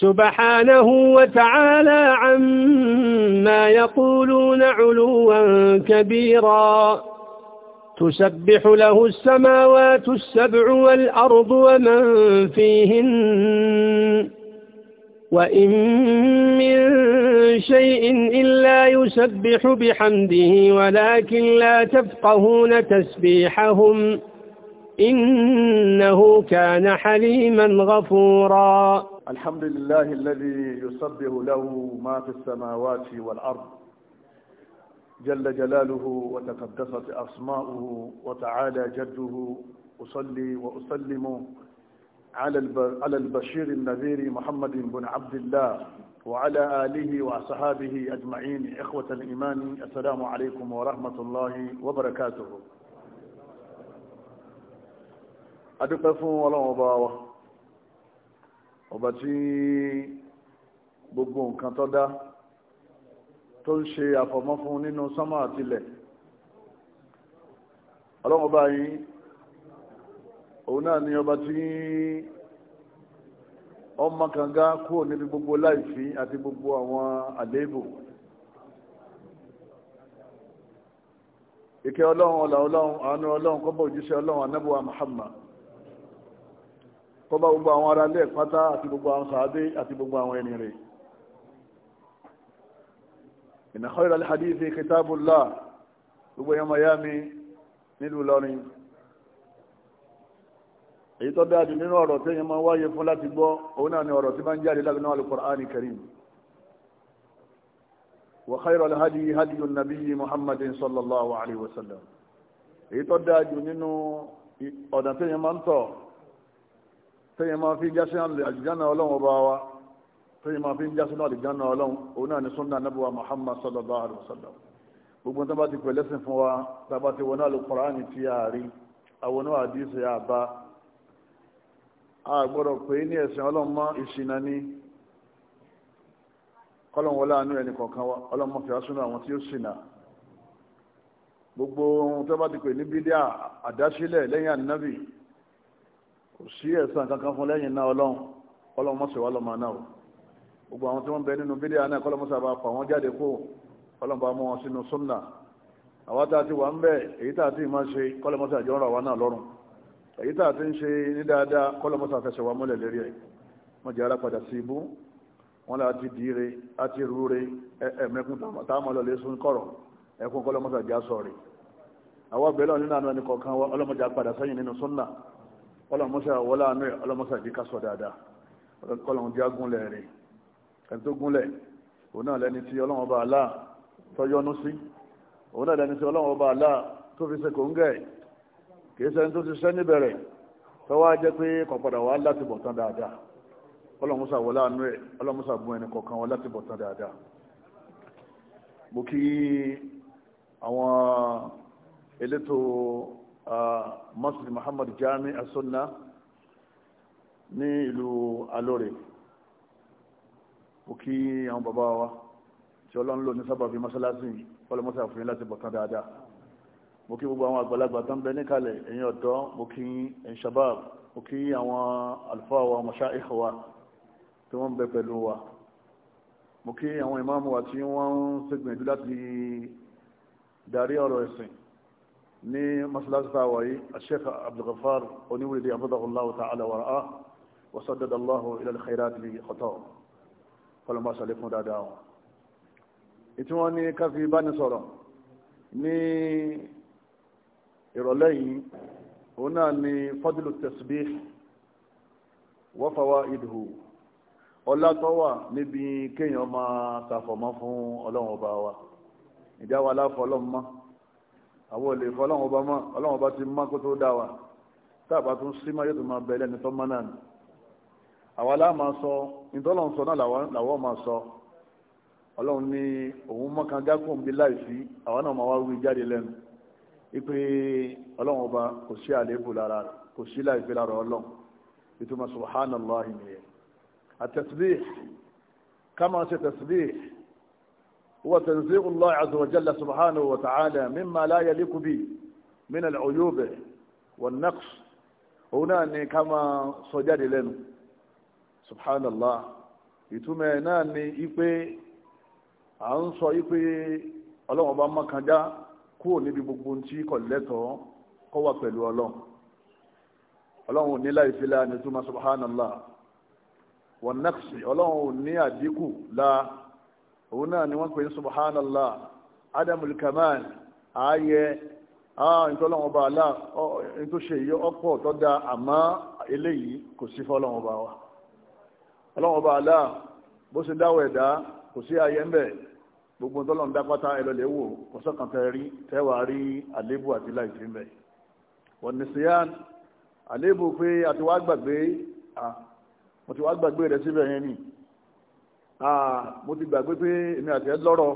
سبحانه وتعالى عما يقولون علوا كبيرا تسبح له السماوات السبع والأرض ومن فيهن وإن من شيء إلا يسبح بحمده ولكن لا تفقهون تسبيحهم إنه كان حليما غفوراً الحمد لله الذي يصبه له ما في السماوات والأرض جل جلاله وتقدست أسماؤه وتعالى جده أصلي وأسلم على البشير النذير محمد بن عبد الله وعلى آله وأصحابه أجمعين إخوة الإيمان السلام عليكم ورحمة الله وبركاته أدقفوا ولا مباوة ọba tí gbogbo nǹkan tó dá tó ń ṣe àfọ̀mọ́ fún nínú sánmà àtilẹ̀ ọlọ́mọba yìí òun náà ni ọba tí ọmọ kànga kúrò níbi gbogbo láìfí àti gbogbo àwọn àléébù ìkẹ́ ọlọ́run ọlà ọlọ́run àánú ọlọ́run kọ́bọ̀ òjíṣẹ́ ọlọ́run anábùwà Muhammad kọba gbogbo àwọn ará ilé pátá àti gbogbo àwọn sàádé àti gbogbo àwọn ẹni rẹ̀ inna khayra al-hadithi kitabullah gbogbo ẹ̀yàn miami nílùú lọ́rin èyí tó dáadì nínú ọ̀rọ̀ tí èyàn máa wáyé fún láti gbọ́ òun náà ni ọ̀rọ̀ tí máa ń jáde lábínú al-Qur'ani karim wa khayra al-hadi hadi an-nabiy muhammadin sallallahu alaihi wasallam èyí tó dáadì nínú ọ̀dà tí èyàn máa ń tọ̀ tẹ́yẹ máa fi jásí àlìjánà ọlọ́run ọba wa tẹ́yẹ máa fi jásí àlìjánà ọlọ́run òun náà ní sunna anábùwà muhammad sallallahu alaihi wa sallam gbogbo tó bá ti pẹ̀lẹ́ sí fún wa tàbá ti wọnú alukọ̀ránì tí a rí àwọn náà àdíṣe àbá a pé ní ẹ̀sìn ọlọ́run mọ́ ìṣìnà ní kọ́lọ̀n wọlé àánú ẹni kọ̀ọ̀kan wa ọlọ́run mọ́ fìyà súnú àwọn tí ó ṣìnà gbogbo tó bá ti pè ní bídíà àdásílẹ̀ lẹ́yìn ànábì kò sí ẹ̀san kankan fún lẹ́yìn náà ọlọ́run ọlọ́run mọ̀sẹ̀ wà lọ́mọ náà gbogbo àwọn tí wọ́n bẹ nínú bídíà náà kọ́lọ́mọ sábà fà wọ́n jáde kó ọlọ́run bá mú wọn sínú súnà àwa tá a ti wà ń bẹ̀ èyí tá a ti máa ṣe kọ́lọ́mọ sàjọ ń ra wa náà lọ́rùn èyí tá a ti ń ṣe ní dáadáa kọ́lọ́mọ sàfẹsẹ̀ wa mọ́lẹ̀ lérí ẹ̀ wọ́n jẹ́ alápadà sí ibú wọ́n lè àti dìíre àti rúre ẹ̀ẹ̀mẹ́kún táwọn lọ lè sún kọ̀rọ̀ ẹ̀kún kọ́lọ́mọ sàjọ sọ̀rọ̀ àwa bẹ̀rẹ̀ nínú àná ẹnì kọ̀ọ̀kan ọlọ́mọdé apadà sẹ́yìn nínú súnà ọlọ́mọṣà wọlé àánú ẹ̀ ọlọ́mọṣà jí ká sọ dáadáa ọlọ́run jẹ́ agúnlẹ̀ rẹ̀ ẹni tó gúnlẹ̀ òun náà lẹni tí ọlọ́run ọba àlá tọ́yọ́nú sí òun náà lẹni tí ọlọ́run ọba àlá tó fi ṣe kòńgẹ̀ kìí ṣe ẹni tó ti ṣẹ́ níbẹ̀rẹ̀ tó wá jẹ́ pé kọ̀padà wá láti bọ̀ tán dáadáa ọlọ́mọṣà wọlé àánú ẹ̀ ọlọ́mọṣà gun ẹni kọ̀ọ̀kan wá láti bọ̀ tán dáadáa mo kí àwọn elétò Uh, masjid muhammad jami asunna ní ìlú alóre òkí àwọn bàbá wa tí ọlọ́run lò ní sábàbí mọ́sálásí fọ́lọ́mọ́sá fún láti bọ̀kan dáadáa mo kí gbogbo àwọn àgbàlagbà tó ń bẹ níkàlẹ̀ ẹ̀yin ọ̀dọ́ mo kí ẹ̀yin shabab mo kí àwọn àlùfáà wa mashayikh wa tí wọ́n bẹ pẹ̀lú wa mo kí àwọn ìmáàmù wa tí wọ́n ń ṣègbìyànjú láti darí ọ̀rọ̀ ẹ̀sìn ní masalasi ta wáyé sheikh abdulghafar oníwèdè abudulayi ta'ala wara'a wa sadada allahu ila alkhairat li khata kọlọmọ sọlẹ fún dáadáa wọn ìtí wọn ní káfí bánisọ̀rọ̀ ní ìrọ̀lẹ́ yìí òun náà ni fadlu tasbih wa fawaiduhu ọlá tó wà níbi kéèyàn máa tàfọ̀mọ́ fún ọlọ́run ọba wa ìjà wa láfọ ọlọ́run mọ́ àwọn olè fọ ọlọ́run ọba mọ́ ọlọ́run ọba ti mọ́ kó tó dá wa táàbà tún sí mọ́ yóò tún máa bẹ̀rẹ̀ ní tọ́mọ́ náà ni àwa láà máa sọ ìtọ́lọ́run sọ náà làwọ́ máa sọ ọlọ́run ní òun mọ́kan gákùn bí láìsí àwa náà máa wá wí jáde lẹ́nu ipe ọlọ́run ọba kò sí àléébù lára kò sí láìsí lára ọlọ́run ìtumọ̀ subhanallahi nìyẹn àtẹ̀síbíì ká máa ṣe tẹ̀síbíì هو تنزيه الله عز وجل سبحانه وتعالى مما لا يليق به من العيوب والنقص هنا كما صجد لنا سبحان الله ìtumọ̀ ẹ̀ náà ni ipe à ń sọ ipe ọlọ́run ọba mọ́kànjá kúrò níbi gbogbo tí kò lẹ́tọ̀ọ́ kọ́ wà pẹ̀lú ọlọ́run ọlọ́run ò ní láìfilá ní túmọ̀ subhanallah wan naqsi ọlọ́run ò ní àdínkù láà òun náà ni wọ́n pè ní subhanallah adamul kamal ààyè ìtọ́lọ́wọ́n bá aláà tó ṣe yí ọ̀pọ̀ tó dá àmọ́ eléyìí kò sí fọ́lọ́wọ́n bá wa ọlọ́wọ́n bá aláà bó ṣe dáwọ̀ ẹ̀dá kò sí ayé ń bẹ̀ gbogbo tọ́lọ́n dá pátá ẹlọ́lẹ̀ wò kò sọ́kàn tẹ́ rí tẹ́wà Ah, mo ti gbàgbé pé èmi àti ẹ lọ́rọ̀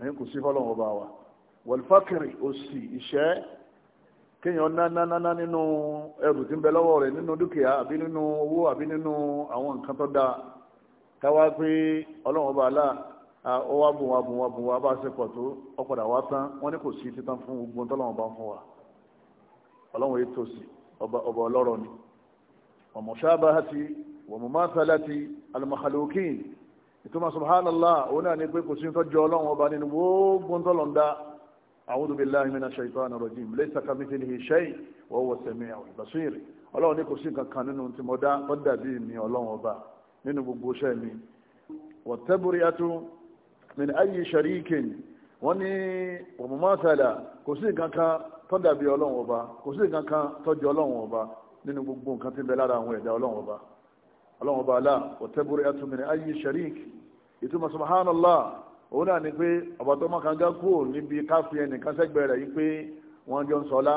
ẹ̀yin kò sí fọlọ́run ọba wa wọ̀lfàkìrì òsì ìṣẹ́ kéèyàn nánánáná nínú ẹrù tí ń bẹ lọ́wọ́ rẹ̀ nínú dúkìá àbí nínú owó àbí nínú àwọn nǹkan tó dáa pé ọlọ́run ọba wá bùn wá bùn wá bùn wá bá ṣe pọ̀ tó ọ̀padà wá tán wọ́n ní kò sí títán fún gbogbo tọ́lọ́run ọba ọlọ́rọ̀ ni ọmọ ṣáàbà ti ọmọ máa ti alimakalokin ìtumọ̀ subhanallah òun náà ní pé kò sí ń tọ́jú ọlọ́run ọba nínú gbogbo ń tọ́lọ̀ ń dá a'udhu billahi minash shaitanir rajim laysa kamithlihi shay' wa huwa as-sami'ul basir ọlọ́run ní kò sí nǹkan kan nínú tí mo dá ó dàbí mi ọlọ́run ọba nínú gbogbo iṣẹ́ mi wa tabriyatu min ayyi sharikin wọ́n ní òmùmọ́sàlà kò sí nǹkan kan tó dàbí ọlọ́run ọba kò sí nǹkan kan tọ́jú ọlọ́run ọba nínú gbogbo nǹkan tí ń bẹ lára àwọn ẹ̀dá ọlọ́run ọlọ́run ọba alá ọ̀tẹ́bùrú ẹtùmìnì ayé sharik ìtumọ̀ subhanallah òun náà ni pé ọba tó mọ̀ kanga kú níbi káfí ẹnìkan sẹ́gbẹ̀ẹ́ rẹ̀ yìí pé wọ́n jọ ń sọlá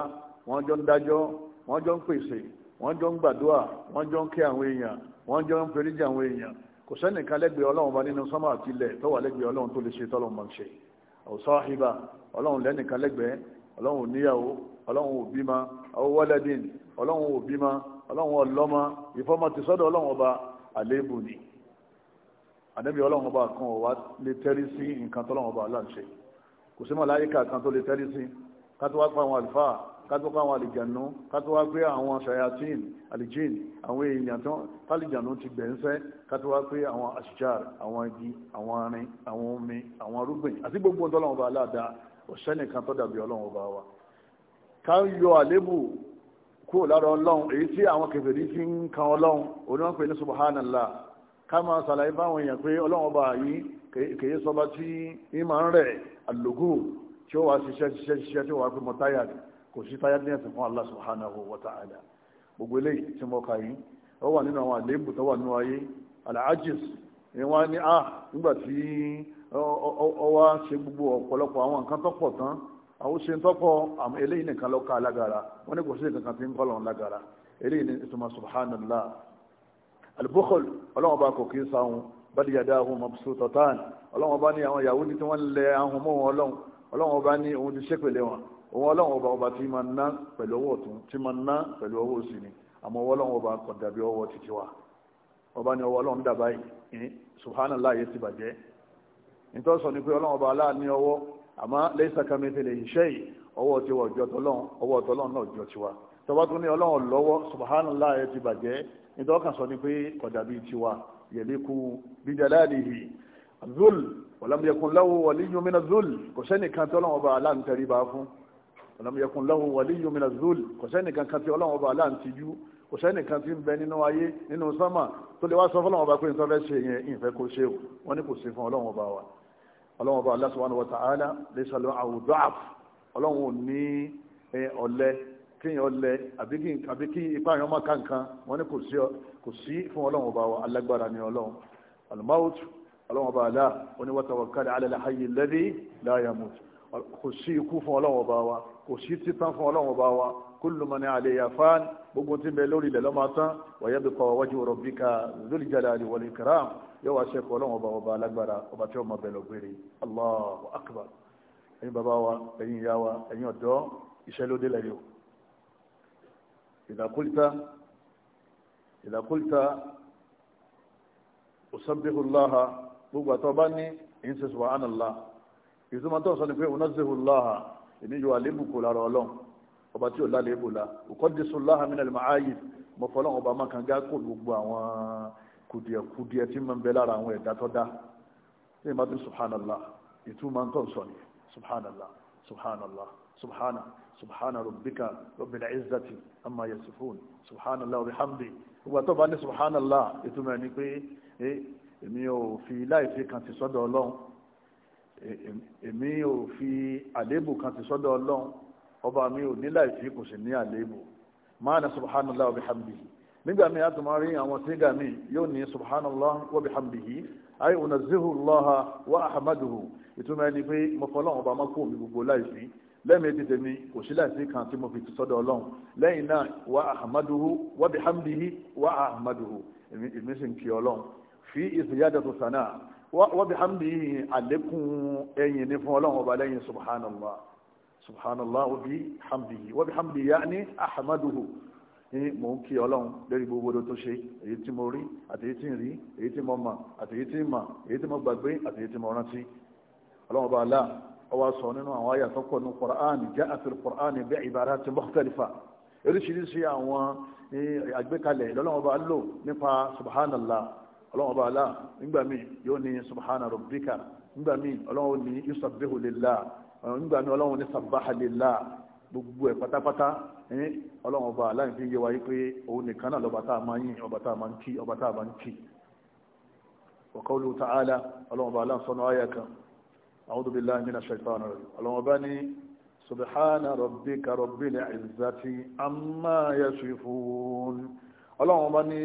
wọ́n jọ ń dájọ́ wọ́n jọ ń pèsè wọ́n jọ ń gbàdúrà wọ́n jọ ń kẹ́ àwọn èèyàn wọ́n jọ ń feríjì àwọn èèyàn kò sẹ́nìkan lẹ́gbẹ̀ẹ́ ọlọ́run ọba nínú sánmà àti ilẹ̀ tó lẹ́gbẹ̀ẹ́ ọlọ́run tó lè ṣe tọ́lọ́run ọlọ́run lẹ́nìkan lẹ́gbẹ̀ẹ́ ọlọ́run ò níyàwó ọlọ́run ò bímọ ọlọ́run ọlọ́mọ ìfọ́mọ ti sọ́dọ̀ ọlọ́run ọba àléébù ni ànábì ọlọ́run ọba kan ọ̀wá lè tẹ́rí sí nǹkan tọ́lọ́run ọba aláǹṣe kò sí màláyíkà kan tó lè tẹ́rí sí ká tó wá pa àwọn àlùfáà ká tó pa àwọn àlìjànú ká tó wá pé àwọn ṣayatin àlìjìn àwọn èèyàn tán tálìjànú ti gbẹ̀ ń fẹ́ ká tó wá pé àwọn àṣìjáàrì àwọn igi àwọn arin àwọn omi àwọn arúgbìn àti gbogbo tọ́lọ́run ọba aláàdá ọ̀ṣẹ́ nìkan tó dàbí ọlọ́run ọba wa ká yọ àlébù kúrò lára ọlọ́run èyí tí àwọn kèfèrí fi ń kan ọlọ́run oníwọ̀n pè ní subhanallah ká máa ṣàlàyé fáwọn èèyàn pé ọlọ́run ọba yìí kèyí sọba tí ń máa ń rẹ̀ àlògù tí ó wà ṣiṣẹ́ ṣiṣẹ́ ṣiṣẹ́ tí ó wà pé mọ táyà kò sí táyà ní ẹ̀sìn fún Allah subhanahu wa ta'ala gbogbo eléyìí tí mo yìí ó wà nínú àwọn àléébù tó wà nínú ayé ni wọ́n àwọn ṣe ń tọ́kọ̀ àmọ́ eléyìí nìkan ló ká lágara wọ́n ní kò sí nǹkan tí ń kọ́ lọ́n lágara eléyìí ní ìtumọ̀ subhanallah albukhul ọlọ́wọ́n bá kò kí ń sáhun bali yadahu mabsutatan ọlọ́wọ́n bá ní àwọn Yahudi tí wọ́n lẹ ahun mọ́ wọn ọlọ́wọ́n ọlọ́wọ́n bá ní òun ti ṣépèlé wọn òun ọlọ́wọ́n ọba ọba tí máa ná pẹ̀lú ọwọ́ ọ̀tún tí máa ná pẹ̀lú ọwọ́ òsì ni àmọ́ ọlọ́wọ́n ọba kò dàbí ọwọ́ títí wa ọba ní ọwọ́ ọlọ́run dàbá subhanallah yẹn ti bàjẹ́ nítorí sọ ni pé ọlọ́wọ́n ọba aláàní ọwọ́ àmọ́ lẹ́sà kan mẹ́tẹ́ lè ṣe yìí ọwọ́ tiwa ọjọ́ tọ́lọ́n ọwọ́ tọ́lọ́n náà jọ tiwa tọba tún ní ọlọ́run lọ́wọ́ subhanallah ẹ ti bàjẹ́ nítorí ọkàn sọ ni pé kọjá bíi tiwa yẹ̀lẹ́kù bíjàláàdìhì zul ọ̀làmúyẹkùn láwọ wàlí yomina zul kò sẹ́nìkan tí ọlọ́run ọba aláǹtẹ̀rí bá fún ọ̀làmúyẹkùn láwọ wàlí yomina zul kò sẹ́nìkan kan tí ọlọ́run ọba aláǹtìjú kò sẹ́nìkan tí ń bẹ nínú ayé nínú sánmà tó lè wá sọ fọlọ́run ọba pé nítorí fẹ́ ṣe yẹn ìfẹ́ kó ṣe o wọ́n ní kò sí fún ọlọ́run ọba wa ọlọ́wọ́n bá Allah subhanahu wa ta'ala laysa lahu da'af ọlọ́wọ́n ò ní ọ̀lẹ kíyàn ọ̀lẹ àbí kí ipá yẹn ọmọ kankan wọn ni kò sí fún ọlọ́wọ́n bá wa alágbára ni ọlọ́wọ́n al-maut ọlọ́wọ́n bá Allah ó ní wa tawakkal ala al-hayy alladhi la yamut kò sí ikú fún ọlọ́wọ́n bá wa kò sí títán fún ọlọ́wọ́n bá wa kullu man alayha fan gbogbo tí ń bẹ lórí ilẹ̀ lọ́mọ tán wa yabqa wajhu rabbika dhul jalali wal ikram yóò wá ṣẹ́kọ̀ọ́ lọ́wọ́ ọba ọba alágbára ọba tí ó mọ̀ bẹ̀rẹ̀ ògbére Allahu akbar ẹ̀yin bàbá wa ẹ̀yin ìyá wa ẹ̀yin ọ̀dọ́ iṣẹ́ ló délẹ̀ yóò idha qulta idha qulta usabbihu Allaha gbogbo àtọ́ bá ní ìyínsẹ̀ subhanallah ìtumọ̀ ọba tí ò lálẹ́ ibò la uqaddisullaha min al-ma'ayib mo fọlọ́n ọba máa kan gá kó gbogbo àwọn kùdìẹ̀kùdìẹ̀ tí máa ń bẹ lára àwọn ẹ̀dá tó dá ní ìmọ̀ tó subhanallah ìtumọ̀ tó ń sọ ni subhanallah subhanallah subhana subhana rabbika rabbil izzati amma yasifun subhanallah wa bihamdi gbogbo àtọ́ bá ní subhanallah ìtumọ̀ ni pé èmi ò fi láìsí kan ti sọ́dọ̀ ọlọ́run èmi ò fi àléébù kan ti sọ́dọ̀ ọlọ́run ọba mi ò nílà ìfì kò sì ní àléébù máa na subhanallah wa bihamdihi nígbà mi àti máa rí àwọn sígà mi yóò ní subhanallah wa bihamdihi ayé unazzihu allaha wa ahmaduhu ìtumọ̀ ẹni pé mo fọlọ́run ọba máa kó mi gbogbo láìsí lẹ́mìí ti tèmi kò sí láìsí kan tí mo fi ti sọ́dọ̀ ọlọ́run lẹ́yìn náà wa ahmaduhu wa bihamdihi wa ahmaduhu èmi sì ń kí ọlọ́run fi ìsìyádàtò sànà wa bihamdihi àlékún ẹ̀yìn ní fún ọlọ́run ọba lẹ́yìn subhanallah سبحان الله hamdihi wa يعني hamdihi yaani ahamaduhu ní mò ń kí ọlọ́run lórí gbogbo odò tó ṣe èyí tí mo rí àti èyí tí ń rí èyí tí mo mọ̀ àti èyí tí ń mọ̀ èyí tí mo gbàgbé àti èyí tí mo rántí ọlọ́run ọba aláà ọwọ́ sọ nínú àwọn àyà tó pọ̀ ní Qur'an ja'at al-Qur'an bi ibaratin mukhtalifa oríṣiríṣi àwọn e, àgbékalẹ̀ lọ́lọ́run ọba lò nípa subhanallah ọlọ́run ọba aláà nígbà míì yóò ní subhana nígbà míì ọlọ́run ní yusabbihu lillah nígbà ní ọlọ́run ní sabaha lillah gbogbo ẹ̀ pátápátá ẹ̀yìn ọlọ́run ọba aláìní fi yé wa yìí pé òun nìkan náà lọ́ba tá a máa yìn ọba tá a máa ń kí ọba tá a máa ń kí wa qawluhu ta'ala ọlọ́run ọba aláìní sọ́nà ayà kan a'udhu billahi minash shaitani rajim ọlọ́run ọba ní subhana rabbika rabbil izzati amma yasifun ọlọ́run ọba ní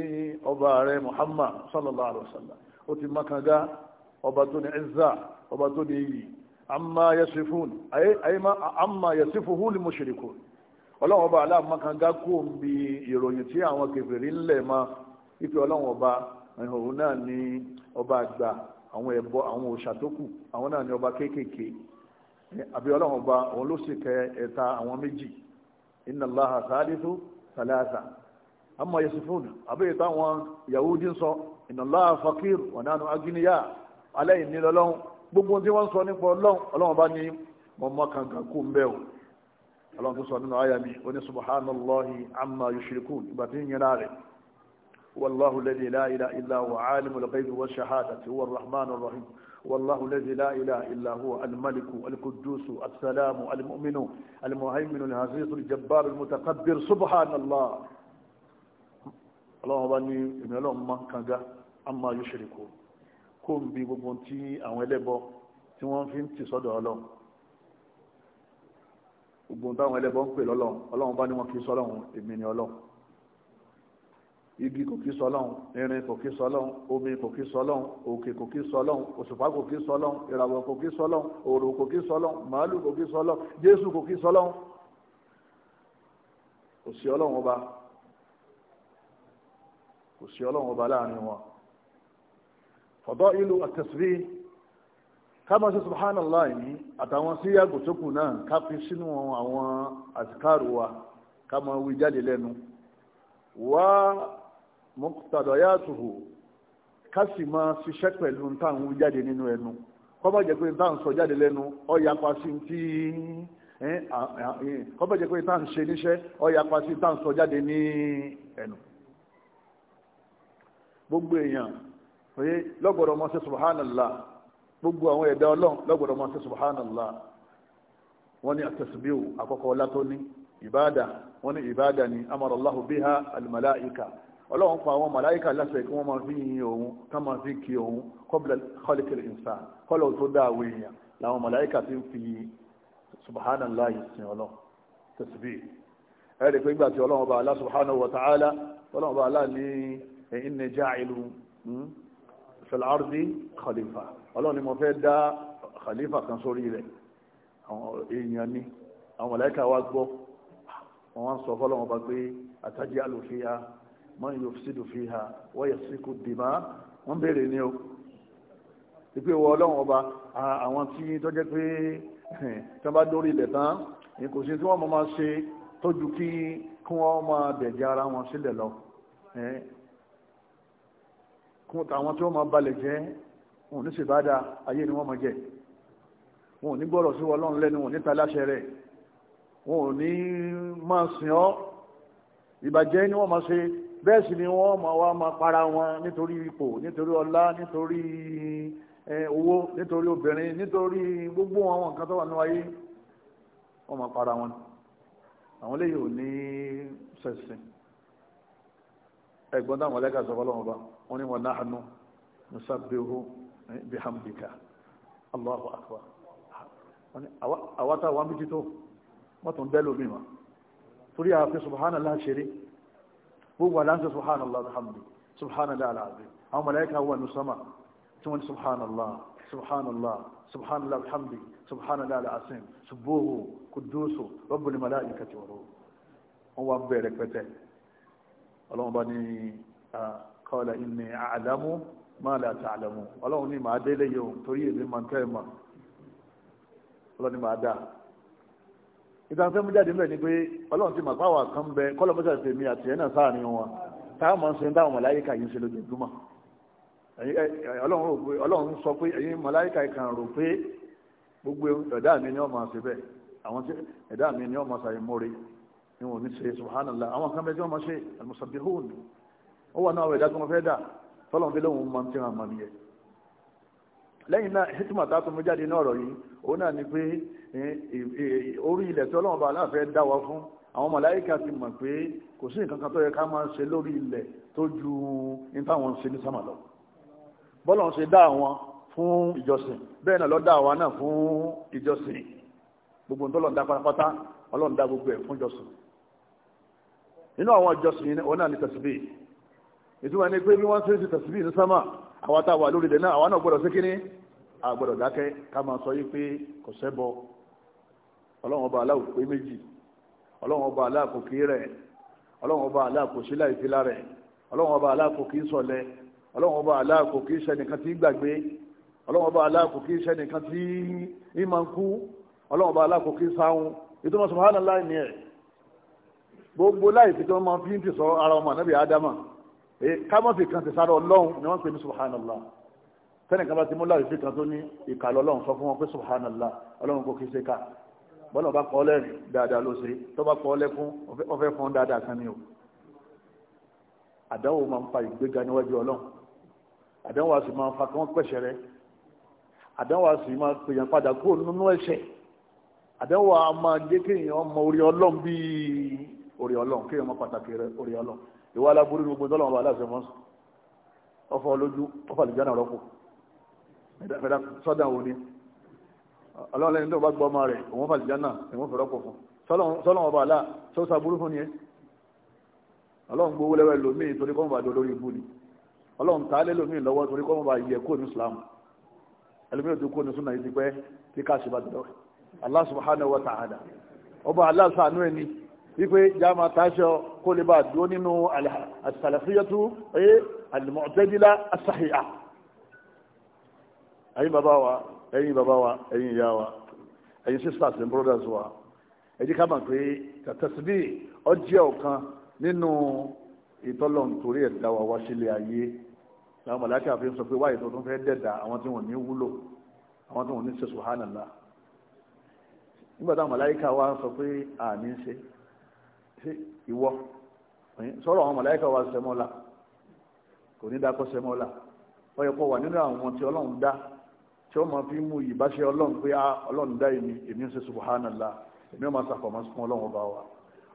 ọba rẹ̀ muhammad sallallahu alaihi wasallam ó ti mákàgá ọba tó ní ẹ̀zá ọba tó ní iyì amma yasifun ayi ma amma yasifuhu li mushrikun ọlọ́wọ́n ọba aláàmọ́ kan gá kó ń bi ìròyìn tí àwọn ma ife ọlọ́wọ́n ọba òun náà ni ọba àgbà àwọn ẹ̀bọ àwọn òòṣà tó kù àwọn ọba kéékèèké àbí ọlọ́wọ́n ọba òun ló sì kẹ ẹ̀ta àwọn méjì inna amma Yahudi gbogbo tí wọ́n sọ nípa ọlọ́run ọlọ́run bá ní mọ̀ mọ́ kankan kú ń bẹ́ o ọlọ́run tó sọ nínú àyà mi ó ní subhanallahi amma yushrikun ìgbà tí ń yẹra rẹ̀ wallahu alladhi la ilaha illa huwa alimul ghaibi wa shahadati huwa arrahman arrahim والله الذي لا إله إلا هو الملك القدوس السلام المؤمن المهيمن العزيز الجبار المتكبر سبحان الله اللهم بني من اللهم كنجا أما يشركون kó ń bi gbogbo tí àwọn ẹlẹ́bọ tí wọ́n fi ń tì sọ́dọ̀ ọlọ́run gbogbo táwọn ẹlẹ́bọ ń pè lọ́lọ́run ọlọ́run bá ní wọn kì í èmi ni ọlọ́run igi kò kì í sọ ọlọ́run irin kò kì í sọ ọlọ́run omi kò kì í sọ ọlọ́run òkè kò kì í òṣùpá kò kì í ìràwọ̀ kò kì í sọ kò kì í màálù kò kì í jésù kò kì í kò sí ọlọ́run ọba kò sí ọlọ́run ọba láàrin wọn fadailu at-tasbih káma ṣe subhanallah yìí àtàwọn sí yàgò tó kù náà ká fi sínú àwọn àtikáàrù wa ká máa wí jáde lẹ́nu wá muqtadayatuhu ká sì máa ṣiṣẹ́ pẹ̀lú táwọn wí jáde nínú ẹnu kó má jẹ́ pé táwọn sọ jáde lẹ́nu ó yapa sí tí jẹ́ pé táwọn ṣe níṣẹ́ ó yapa sí sọ jáde ní ẹnu gbogbo èèyàn oye lọ́gbọ̀dọ̀ mọ́ sí subhanallah gbogbo àwọn ẹ̀dá ọlọ́run lọ́gbọ̀dọ̀ mọ́ sí subhanallah wọ́n ní àtẹ̀sùbíù àkọ́kọ́ ọlá tó ní ìbáàdà wọ́n ní ìbáàdà ni amarallahu biha almalaika ọlọ́run pa àwọn màláìka láṣẹ kí wọ́n máa fi yin òun ká máa fi kí òun qabla khalqil insan kọ́lọ̀ tó dá àwọn làwọn màláìka ti fi subhanallah yìí sin ọlọ́run tasbih ẹ̀rẹ́ pé nígbà tí ọlọ́run bá Allah subhanahu wa ta'ala ọlọ́run bá Allah ní inni ja'ilun hmm? fẹlárdi khalifa ọlọ́run ni mo fẹ́ dá khalifa kan sórí rẹ̀ àwọn èèyàn ni àwọn mọ̀lẹ́kà wa gbọ́ wọn wá ń sọ fọlọ́wọn bá pé àtàjẹ́ àlòfíà man yufsidu fiha wa yasfiku dìmá wọ́n béèrè ni o ìpè wọ ọlọ́run ọba àwọn tí tọ́jẹ́ pé tí wọ́n bá dórí ilẹ̀ tán kò sí tí wọ́n máa ṣe tójú kí wọ́n máa dẹ̀jẹ̀ ara wọn sílẹ̀ lọ kún àwọn tí wọ́n máa balẹ̀ jẹ́ wọn ò ní ṣèbádà ayé ni wọ́n máa jẹ wọn ò ní gbọ́rọ̀ sí ọlọ́run lẹ́nu wọn níta láṣẹ rẹ̀ wọn ò ní máa sìn ọ́ ìbàjẹ́ ni wọ́n máa ṣe bẹ́ẹ̀ sì ni wọ́n máa wá máa para wọn nítorí ipò nítorí ọlá nítorí owó nítorí obìnrin nítorí gbogbo àwọn nǹkan tó wà nínú ayé wọ́n máa para wọn àwọn eléyìí ò ní ṣẹ̀sìn ẹ̀gbọ́n táwọn ọlẹ́ka sọ fọlọ́wọn wọ́n ní wọ́n náà nù nusabbihu eh, bihamdika allahu akbar wọ́n ní àwátá wọn méjì tó wọ́n tún bẹ́ẹ̀ lómi ma torí àwọn fi subhanallah ṣeré gbogbo aláǹsẹ̀ subhanallah alhamdu subhanallah alazim àwọn mọ̀lẹ́kà wà ní sọ́mà tí wọ́n ní subhanallah subhanallah subhanallah alhamdu subhanallah alazim subbuhu kudusu rabbul malaikati wa ruh wọ́n bẹ̀rẹ̀ pẹ́tẹ́ ọlọ́run bá ní ah, kọ́lá ìní àlámú máa lè àtàlámú ọlọ́run ní màá délé yòó torí èmi máa ń tẹ́ ẹ̀ mọ́ ọlọ́run ní màá dà ìtàn mú jáde ni pé ọlọ́run ti mà pàwọ̀ kan ń bẹ kọ́lọ́ mọ́sà tèmi àti ẹ̀ náà sáàrin wọn táwọn ṣe ń dáhùn màláyíkà yìí ṣe lójoojúmọ́ ọlọ́run sọ pé màláyíkà kan rò pé gbogbo ẹ̀dá mi ni wọ́n máa ṣe bẹ́ẹ̀ àwọn tí ẹ̀dá mi ni wọ́n máa ni ó wà náà ẹ̀dá tó wọ́n fẹ́ dà tọ́lọ̀ fi lóhun máa ń tí wọn mọ̀ nìyẹn lẹ́yìn náà hitma tá jáde náà ọ̀rọ̀ yìí òun náà ni pé orí ilẹ̀ tí ọlọ́run bá aláàfẹ́ dá wa fún àwọn màláíkà ti mọ̀ pé kò sí nǹkan kan tó yẹ ká máa ṣe lórí ilẹ̀ tó ju ní táwọn ṣe ní sàmà lọ bọ́lọ̀ ṣe dá àwọn fún ìjọsìn bẹ́ẹ̀ náà ló dá wa náà fún ìjọsìn gbogbo ntọ́lọ̀ dá pátápátá ọlọ́run dá gbogbo ẹ̀ fún ìjọsìn nínú àwọn ìjọsìn òun náà ni tẹ̀síbíì ìtumọ̀ ni pé bí wọ́n ṣe ń ṣe tẹ̀síbí ní sámà àwọn tá a wà lórí ilẹ̀ náà àwọn náà gbọ́dọ̀ ṣe kínní a gbọ́dọ̀ dákẹ́ ká máa sọ yìí pé kò sẹ́bọ ọlọ́run ọba aláwọ̀ pé méjì ọlọ́run ọba aláàkó kì í rẹ̀ ọlọ́run ọba aláàkó sí láìfi lára ẹ̀ ọlọ́run ọba aláàkó kì í sọlẹ̀ ọlọ́run ọba aláàkó kì í ṣẹnìkan tí gbàgbé ọlọ́run ọba aláàkó kì í Eh, kámọ́sì kan ti sáré ọlọ́run ni wọ́n pè ní subhanallah tẹ́nì kan bá ti mú láì fi kan tó ní ìkàlọ́ ọlọ́run sọ fún wọn pé subhanallah ọlọ́run kò kí ṣe ká bọ́lá bá kọ́ lẹ́rìn dáadáa ló ṣe tó bá kọ́ lẹ́kún ọfẹ́ fún dáadáa kan ni o àdánwò máa ń fa ìgbéga níwájú ọlọ́run àdánwò a sì máa ń fa kí pẹ̀ṣẹ̀ rẹ àdánwò a sì máa pèèyàn padà kúrò nínú ẹ̀ṣẹ̀ àdánwò a ìwà aláburú ní gbogbo tọ́lọ́wọ́n bá aláṣẹ mọ́ ọfọ lójú ọfọ àlùjáná rọ́pò mẹ́ta sọ́dà wo ni ọlọ́run lẹ́ni tó bá gbọ́ ọmọ rẹ̀ òun fàlìjáná ìwọ́n fẹ́ rọ́pò fún sọ́lọ́wọ́n bá aláà tó sàbúrú fún ni ẹ́ ọlọ́run gbówó lẹ́wẹ́ lómìn torí kọ́mọ̀ bá dolórí ibú ni ọlọ́run ta lé lómìn lọ́wọ́ torí kọ́mọ̀ bá yẹ kó ní Islam ẹlòmíràn tó kó ní súnà yìí ti pẹ́ kí káàṣì bá dọ̀dọ̀ Allah subhanahu wa ọba aláṣà àánú ẹni wípé jáma táṣọ kó lè bá dúró nínú àṣàlàfíyàtú ẹ àlùmọ̀tẹ́dílá àṣàhìá ẹ̀yin bàbá wa ẹ̀yin bàbá wa ẹ̀yin ìyá wa ẹ̀yin sisters and brothers wa ẹ̀jí ká mọ̀ pé tàtàsíbí ọjẹ́ ọ̀kan nínú ìtọ́lọ̀ nítorí ẹ̀dá wa wá sílé ayé làwọn mọ̀láṣà fi ń sọ pé wáyé tó tún fẹ́ dẹ̀dà àwọn tí wọ́n ní wúlò àwọn tí wọ́n ní ṣe subhanallah nígbà táwọn mọ̀láṣà wa sọ pé àní ń ṣe ṣe ìwọ sọ̀rọ̀ àwọn mọ̀láyíkà wa sẹ́mọ́ la kò ní dákọ́ sẹ́mọ́ la ó yẹ kó wà nínú àwọn tí ọlọ́run dá tí ó máa fi mú ìbáṣe ọlọ́run pé ah, ọlọ́run dá èmi èmi ń ṣe subhanallah èmi ó máa ṣàfọ̀mọ́ fún ọlọ́run ọba wa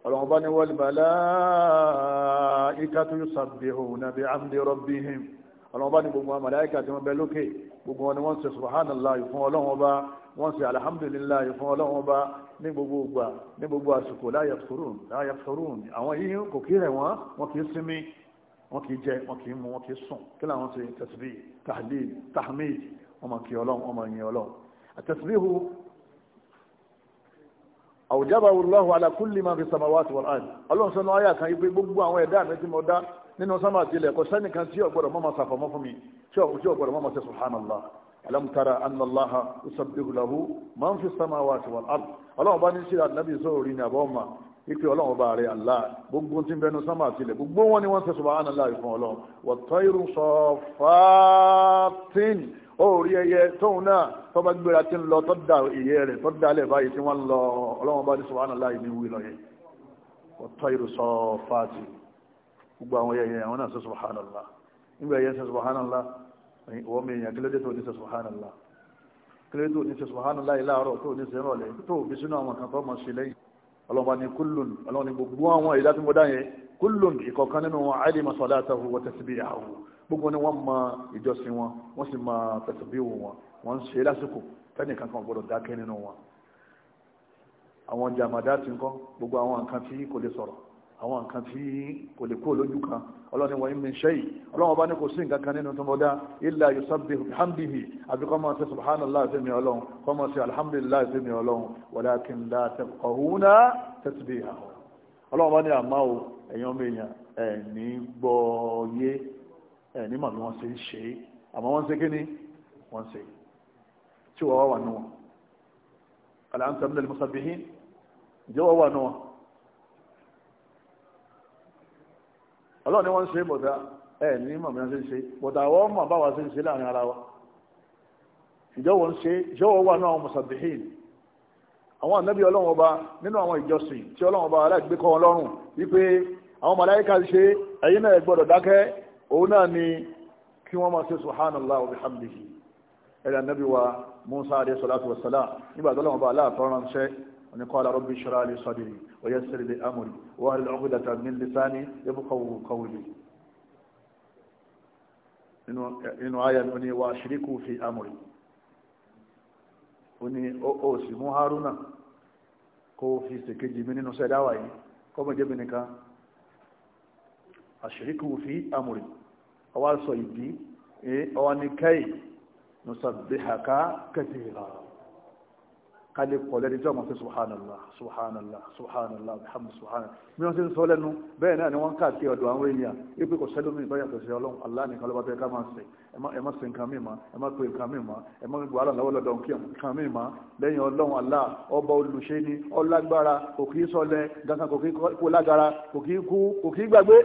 ọlọ́run bá ní wal malaikatu yusabbihuna bihamdi rabbihim ọlọ́run bá ní gbogbo àwọn mọ̀láyíkà tí wọ́n bẹ lókè gbogbo wọn ni wọ́n ṣe subhanallah fún ọlọ́run ọba wọ́n sì alhamdulillah fún ọlọ́run bá ní gbogbo ìgbà ní gbogbo àsìkò láyà sòrún láyà sòrún àwọn yìí kò kí rẹ̀ wọ́n wọ́n kì í sinmi wọ́n kì í jẹ wọ́n kì í mu wọ́n kì í sùn kí làwọn ṣe tẹ̀síbí tahlil tahmid wọ́n máa kí ọlọ́run wọ́n máa yin ọlọ́run àtẹ̀síbíhu àwùjábà wùlọ́hu alákùnlé máa fi samawati wal ard ọlọ́run sọ́nà ayà kan ipe gbogbo àwọn alam tara anna allaha yusabbihu lahu man fi samawati wal ard ọlọ́run bá ní síra nàbí sóòrì ní àbọ̀ọ́mà ipe ọlọ́run bá rẹ̀ Allah gbogbo tí ń bẹnu sánmà àtìlẹ̀ gbogbo wọn ni wọ́n ṣe subhanallah fún ọlọ́run wọ̀tọ́ irun sọ fàátìn orí ẹyẹ tóun náà tó bá gbéra tí ń lọ tó da ìyẹ́ rẹ̀ tó dalẹ̀ báyìí tí wọ́n lọ ọlọ́run bá ní subhanallah ní wí lọ́yẹ wọ̀tọ́ irun ìwọ́n mi èèyàn kílódé tó ní sọ subhanallah kílódé tó ní sọ subhanallah ìlàárọ̀ tó ní sẹ́rọ̀ lẹ̀ tó fi sínú àwọn kan tó mọ̀ sí lẹ́yìn ọlọ́mọba ni kullun ọlọ́run ni gbogbo àwọn ìdá tí mo dá yẹn kullun ìkọ̀kan nínú wọn alima salatahu wa tasbihahu gbogbo ni wọ́n mọ ìjọsìn gbogbo àwọn nǹkan tí kò lè sọ̀rọ̀ àwọn nǹkan tí kò lè kó lójú kan ọlọ́ni wọ́n mi ṣe yìí ọlọ́wọ́n bá ní kò sí nǹkan kan nínú tọmọdá illa yusabbihu bihamdihi àbí kọ́ máa ṣe subhanallah fẹ́mi ọlọ́run kọ́ máa ṣe alhamdulillah fẹ́mi ọlọ́run walakin la tafqahuna tasbihahum ọlọ́wọ́n bá ní àmá o ẹ̀yin ọmọ èèyàn ẹ̀ní gbọ́ọ̀yé ẹ̀ní màmí wọ́n ṣe ń ṣe àmọ́ wọ́n ṣe kíní wọ́n ṣe tí wọ́n wà nù wọn ọlọ́run ni wọ́n ń ṣe bọ̀dá ẹ̀ ní màmí wọn ṣe ń ṣe bọ̀dá àwọn mọ̀ bá wa ṣe ń ṣe láàrin ara wa ìjọ wọn ṣe ìjọ wọn wà náà mùsàbíhìn àwọn ànábì ọlọ́run ọba nínú àwọn ìjọsìn tí ọlọ́run ọba aláàgbé kọ́ wọn lọ́rùn wípé àwọn màláíkà ṣe ẹ̀yin náà gbọ́dọ̀ dákẹ́ òun náà ni kí wọ́n máa ṣe subhanallah wa bihamdihi ẹ̀rẹ̀ ànábì wa musa alayhi salatu wa nígbà tó ọlọ́run ọba aláàtọ́ ránṣẹ́ oníkọ́ ala rabbi shrah li sadri wa yassir واهل العقدة من لساني يبقوا قولي إنه آية أني وأشركوا في أمري أني أوسي مو هارون كو في سكجي من إنه سيداوي كما جبنك أشركوا في أمري أوال صيدي أواني كي نسبحك كثيرا kálí pọ̀ lẹ́ni tí ọmọ sí subhanallah subhanallah subhanallah alhamdu subhanallah bí wọ́n ti ń sọ lẹ́nu bẹ́ẹ̀ náà ni wọ́n káàkiri ọ̀dọ̀ àwọn èèyàn ipe kò sẹ́lú mi ìtọ́jà tẹ̀sí ọlọ́run Allah nìkan ló bá tẹ́ ká máa sìn ẹ má sin nǹkan míì má ẹ má pe nǹkan míì má ẹ má gbọ́ àlọ́ lọ́wọ́ lọ́dọ̀ nǹkan míì má lẹ́yìn ọlọ́run Allah ọba olùṣe ni ọlágbára kò kí sọlẹ gangan kò kí kó lágara kò kí kú kò kí gbàgbé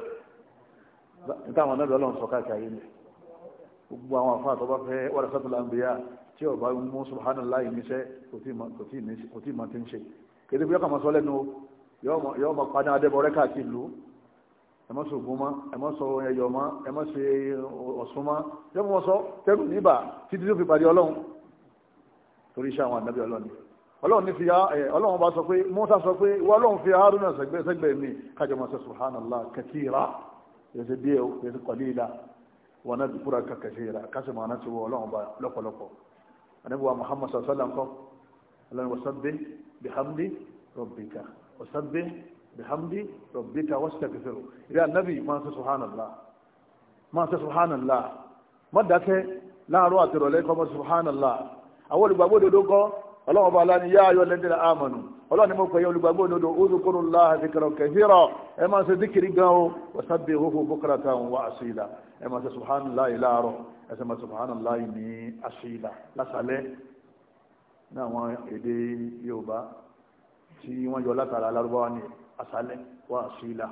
gbogbo àwọn àfa àtọ́ bá fẹ́ wàrasátù làǹbíyà tí ọba mú subhanallah níṣẹ́ kò tí ì máa ti ń ṣe kéde bí ọkà máa sọ lẹ́nu yọ ọmọ padà adébọrẹ́ káàkiri lù ẹ má sọ ògùn mọ́ ẹ má sọ ẹyọ mọ́ ẹ má ṣe ọ̀sùn mọ́ yọ ọmọ sọ tẹ́lù níbà títí tó fi pàdé ọlọ́run torí iṣẹ́ àwọn ànábì ọlọ́run ọlọ́run ní fi ẹ ọlọ́run bá sọ pé mọ́tà sọ pé wọ́n ọlọ́run fi haruna sẹ́gbẹ́ sẹ́gbẹ́ mi kájọ máa sọ subhanallah katira yẹ wọn náà dùkúrà kàkà ṣe yẹra kásì mọ̀ náà ti wọ ọlọ́run bá lọ́pọ̀lọpọ̀ anábíwá muhammad sàlá ńkọ́ ọlọ́run wasabbih bihamdi rabbika wasabbih bihamdi rabbika wastaghfiru ìrẹ́ anábì máa ń sẹ́ subhanallah máa ń sẹ́ subhanallah má dákẹ́ láàárọ̀ àtẹ̀rọ̀lẹ́ kọ́ mọ́ subhanallah àwọn olùgbàgbọ́ òdodo kọ́ ọlọ́wọ́n bá aláni yá ayọ́ lẹ́dẹ̀rẹ̀ àmọ̀nù ọlọ́ni mo pẹ̀yẹ olùgbàgbọ́ òdodo òdòkòrò láàrín kẹrọ kẹfìrọ ẹ máa ṣe díkiri gan o wàsábì òhòhò bókàràtà òun wá àṣìlá ẹ máa ṣe subhanahu láì láàárọ̀ ẹ ṣe máa subhanahu láì ní àṣìlá lásàlẹ̀ ní àwọn èdè Yorùbá tí wọ́n yọ látara alárúbáwá ní àṣàlẹ̀ wá àṣìlá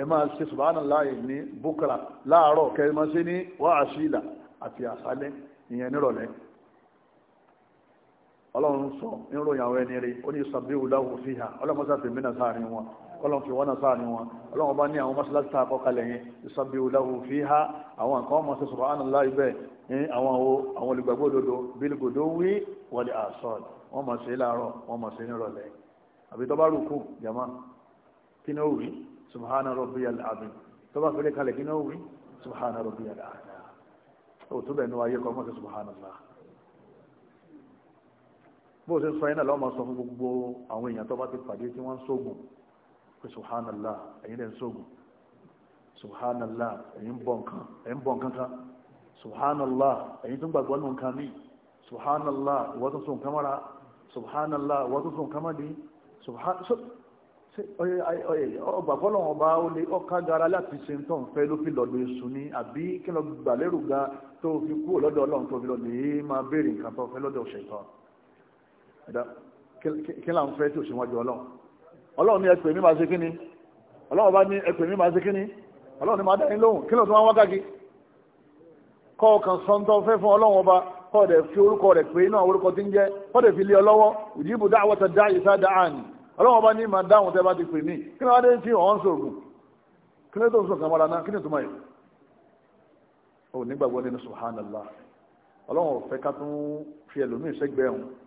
ẹ máa ṣe subhanahu láì ní bókàrà láàárọ̀ kẹ máa ṣe ní wá àṣìlá àti àṣàlẹ̀ ìyẹn nírọ̀lẹ́ ọlọ́run sọ níròyìn àwọn ẹni rí ó ní sàbí ìwúdáwò fi hà ọlọ́mọsá fi mìíràn sáàrin wọn ọlọ́run fi wọ́nà sáàrin wọn ọlọ́run bá ní àwọn mọ́sálásí tá a kọ́ kalẹ̀ yẹn sàbí ìwúdáwò fi hà àwọn nǹkan ọmọ sí sọ̀rọ̀ àná láì bẹ́ẹ̀ ní àwọn o àwọn olùgbàgbọ́ òdodo bílgòdó wí wọlé àṣọd wọ́n mọ̀ sí láàárọ̀ wọ́n mọ̀ sí nírọ̀lẹ́ àbí tó bá rúkú jama kí ni ó wí subhanallah bó ṣe ń sọ iná lọ́mọ sọ fún gbogbo àwọn èèyàn tó bá ti pàdé tí wọ́n ń sógun pé subhanallah ẹ̀yin lẹ́ ń sógun subhanallah ẹ̀yin bọ̀ nǹkan ẹ̀yin bọ̀ nǹkan kan subhanallah ẹ̀yin tó ń gbàgbọ́ nù nǹkan mí subhanallah ìwọ́n tó sùn kámọ́ra subhanallah ìwọ́n tó sùn kámọ́dé ọgbàgbọ́ lọ́wọ́ bá ó lè ọ̀ká gara láti ṣe ń tọ́n fẹ́ ló fi lọ́dọ̀ èṣù ni àbí kí lọ gbàlérò ga tó fi kú lọ́dọ̀ ọlọ́run tó fi lọ́dọ̀ èé máa béèrè nǹkan tó fẹ́ lọ́dọ̀ ṣẹ̀tọ́ kí là ń fẹ́ tí ò ṣe wájú ọlọ́run ọlọ́run ní ẹpẹ̀ mi máa ṣe kíni ọlọ́run bá ní ẹpẹ̀ mi máa ṣe kíni ọlọ́run ní máa dá ní lóhùn kí ló tún wá wákàkí kọ́ ọkàn sọ́ńtọ́ fẹ́ fún ọlọ́run ọba kọ́ ọ̀dẹ̀ fi orúkọ rẹ̀ pé inú àwọn orúkọ tí ń jẹ́ kọ́ ọ̀dẹ̀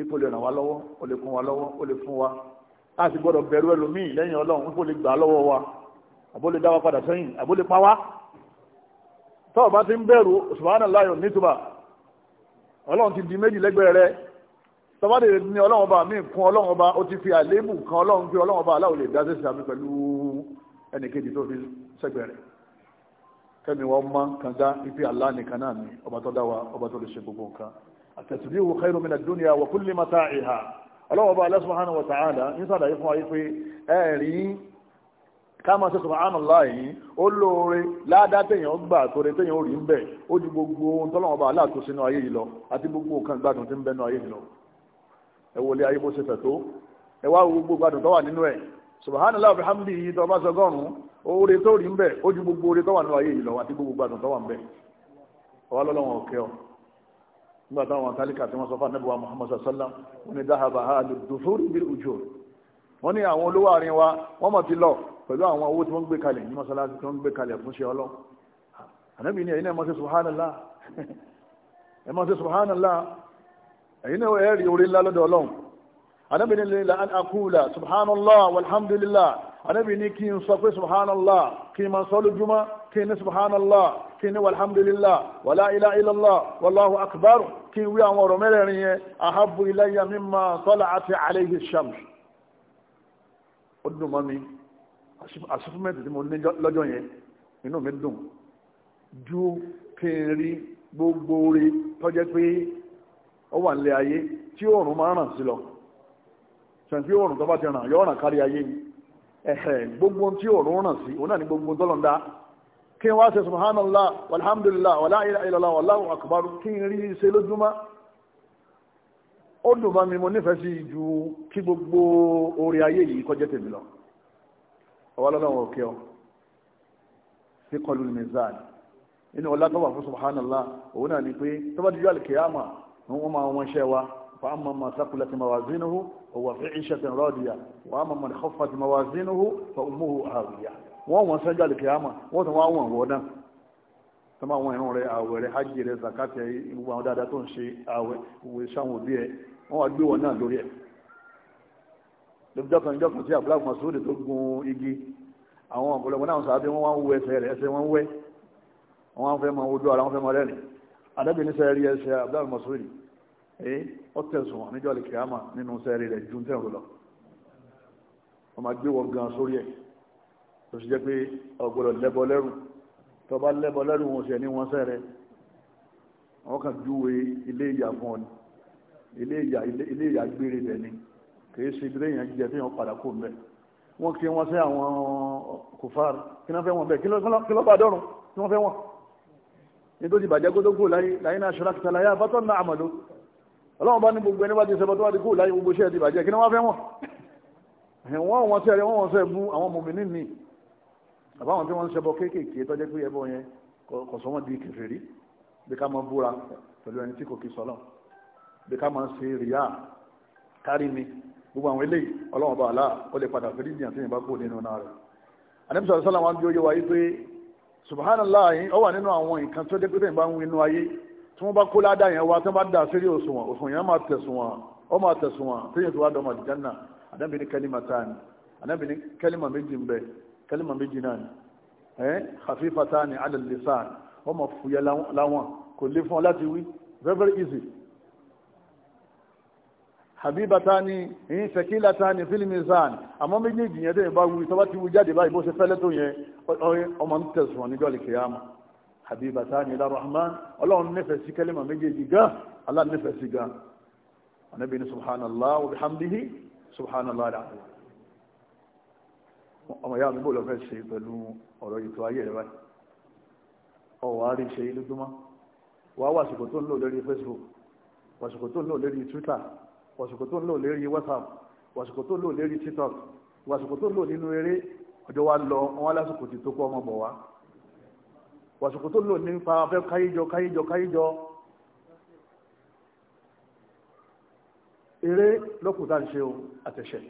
ipò lè ràn wá lọ́wọ́ ó lè kún wa lọ́wọ́ ó lè fún wa a sì gbọ́dọ̀ bẹ̀rù ẹlòmíì lẹ́yìn ọlọ́run ipò lè gbà lọ́wọ́ wa àbó lè dá wa padà sẹ́yìn àbó lè pa wá tọ́ọ̀ bá ti ń bẹ̀rù subhanallahi nítumà ọlọ́run ti di méjì lẹ́gbẹ̀ẹ́ rẹ tọ́bádé ní ọlọ́run ọba mi kún ọlọ́run ọba ó ti fi àléébù kan ọlọ́run pé ọlọ́run ọba aláwọ̀ lè dá sí sàmì pẹ̀lú ẹnìkejì tó fi sẹ́gbẹ̀ẹ́ rẹ̀ kẹ́mi wọn mọ́ kàn dá ipi àlá nìkan náà ni ọba tó dá wa ọba tó lè ṣe gbogbo nǹkan a khairu min ad-dunya wa kulli mata'iha ọlọ́wọ́ bá ala subhanahu wa ta'ala ń sàdáyé fún ayé pé ẹ̀rí káàmà ṣe subhanallah yìí ó o ládàá téèyàn gbà torí téèyàn ò rí ń bẹ̀ gbogbo ohun tọ́lọ́wọ́ bá aláàtó sínú ayé yìí lọ gbogbo nǹkan gbogbo gbádùn tó wà nínú ẹ̀ subhanallah alhamdi yìí nígbà táwọn tálíkà tí wọ́n sọ fún anábìwá Muhammad sallam wọ́n ní dáhàbà ha lè dùfúrú bí ojú wọ́n ní àwọn olówó àárín wa wọ́n mọ̀ ti lọ pẹ̀lú àwọn owó tí wọ́n gbé kalẹ̀ ní mọ́sálásí tí wọ́n gbé kalẹ̀ fún ṣe ọlọ́ ànábì ní ẹ̀yin náà ẹ máa ṣe subhanallah ẹ máa ṣe subhanallah ẹ̀yin náà ẹ rí orí ńlá lọ́dọ̀ ọlọ́run ànábì ní lè an akula subhanallah walhamdulillah ànábì ní kí n sọ pé subhanallah kí n máa sọ lójúmọ́ kí ní subhanallah kí ní walhamdulillah wàlá ilá ilọ́lá wallahu akbar kí wí àwọn ọ̀rọ̀ mẹ́rẹ̀ẹ̀rin yẹn ahabu ilayya mimma tala'ati alayhi shams ó dùn mọ́ mi àṣìfúnmẹ́tì tí mo ní lọ́jọ́ yẹn inú mi dùn ju kí n rí gbogbo orí tọ́jẹ́ pé ó wà nílé ayé tí oòrùn máa ràn sí lọ ṣàǹfí oòrùn tó bá ti ràn yóò ràn kárí ayé ẹ̀hẹ̀ gbogbo tí oòrùn ràn sí òun náà ní gbogbo tọ́lọ́ndá kí wá ṣe subhanallah walhamdulillah wala ilaha illallah wallahu akbar kí n rí ṣe lójúmọ́ ó dùn bá mi mo nífẹ̀ẹ́ sí ju kí gbogbo orí ayé yìí kọjá tèmi lọ ọwọ́ lọ́lọ́wọ́ òkè ọ fi kọlu mizan inú ọlá tó wà fún subhanallah òun náà ni pé tó bá dijú alkiyama wọn máa wọn ṣẹ́ wa فأما ما ثقلت موازينه هو في عيشة راضية وأما من خفت موازينه فأمه هاوية wọ́n wọ́n sẹ́jọ́ àlùkìyàmà wọ́n tún wá wọ̀n wọ́n náà tó máa wọn ìrún rẹ àwẹ̀ rẹ hajj rẹ zakat ẹ gbogbo dáadáa tó ń ṣe àwẹ̀ òwe sáwọn òbí ẹ wọ́n wá gbé wọn náà lórí ẹ lójúdọ́kan ìjọkan tí abúlé àgbọ̀n sóòlì tó gun igi àwọn ọ̀pọ̀lọpọ̀ náà sáábí wọ́n wá ń ẹsẹ̀ rẹ̀ ẹsẹ̀ wọ́n wẹ́ wọ́n fẹ́ mọ ojú ara wọ́n fẹ́ mọ rẹ́rìn adábìnrin sẹ́ẹ̀rí ẹsẹ̀ abúlé àgbọ̀n sóòlì ẹ ọ tẹ̀sùn wọn níjọ́ àlùkìyàmà nínú sẹ́ẹ̀rí rẹ̀ ju tẹ̀rù lọ wọ́n máa gbé wọn gan sórí ẹ̀ tó ṣe jẹ́ pé ọ̀gbọ̀dọ̀ lẹ́bọ lẹ́rù tó bá lẹ́bọ lẹ́rù wọn ṣe ní wọn sẹ́rẹ̀ wọn kàn júwe ilé ìyà fún ọ ni ilé ìyà ilé ìyà gbére bẹ̀ ni kì í ṣe ilé ìyà jíjẹ téèyàn padà kó mbẹ wọn kí wọn sẹ àwọn kòfàr kí wọn fẹ́ wọn bẹ kí ló bá dọrùn kí wọn fẹ́ wọn nítorí ìbàjẹ́ gbódógbò láyé náà ṣọlá kìtà láyé àbátọ́ náà àmàlò ọlọ́run bá ní gbogbo ẹni bá ti sẹ́bọ̀ tó wá ti kú láyé gbogbo iṣẹ́ ti bàjẹ́ kí wọ́n fẹ́ wọ́n wọ́n wọn sẹ́rẹ̀ wọ́n wọn sẹ́ bú àwọn mòmìnì nìyí àbáwọn tí wọ́n ń ṣẹbọ kéékèèké tọ́jẹ́ pé ẹbọ yẹn kò sọ wọ́n di kèfèrí bí ká máa búra pẹ̀lú ẹni tí kò kí sọ́lọ̀ bí ká máa ṣe rìyà kárí mi gbogbo àwọn eléyìí ọlọ́wọ́n bá àlá ó lè padà fèrè ìdíyàn tí yẹn bá kó nínú náà rẹ̀ ànábì sallallahu alaihi wasallam wọn bí ó yé wa yí pé subhanallah ó wà nínú àwọn nǹkan tó jẹ́ pé tẹ̀yìn bá ń winú ayé tí wọ́n bá kó ládàá yẹn wá tí wọ́n bá dà sí òṣùwọ̀n òṣùwọ̀n yẹn máa tẹ̀sùwọ̀n ó máa tẹ̀sùwọ̀n tí tó wá dọ́mọ̀ àdìjánà ànábì ní kẹ́límà táàni ànábì ní méjì ń bẹ kẹlẹ́mà méjì náà ni ẹ́ khafifata ni ala lisan wọ́n mọ̀ fúyẹ́ láwọn kò lè fún ọ láti wí very very easy habibata ni ẹ̀yìn sakilata ni fil mizan àmọ́ méjèèjì yẹn tẹ́yìn bá wí tọ́wá ti wí jáde báyìí bó ṣe fẹ́lẹ́ tó yẹn ọmọ ń tẹ̀sùn níjọ́ lè kíyàmá habibata ni ila rahman ọlọ́run nífẹ̀ẹ́ sí kẹlẹ́mà méjèèjì gan Allah nífẹ̀ẹ́ sí gan anabi ni subhanallah wa bihamdihi subhanallah alazim ọmọ ìyá mi bò lọ fẹ́ ṣe pẹ̀lú ọ̀rọ̀ ètò ayé rẹ̀ báyìí ọ̀wọ́ àárín ṣe lójúmọ́ wà á wàsìkò tó ń lò lórí Facebook wàsìkò tó ń lò lórí Twitter wàsìkò tó ń lò lórí WhatsApp wàsìkò tó ń lò lórí TikTok wàsìkò tó ń lò nínú eré ọjọ́ wa lọ wọn lásìkò tí tó kọ́ ọmọ bọ̀ wá wàsìkò tó ń lò nípa afẹ́ káyíjọ káyíjọ káyíjọ eré lọ́kùnrin tá à ń ṣe o àtẹ̀ṣẹ̀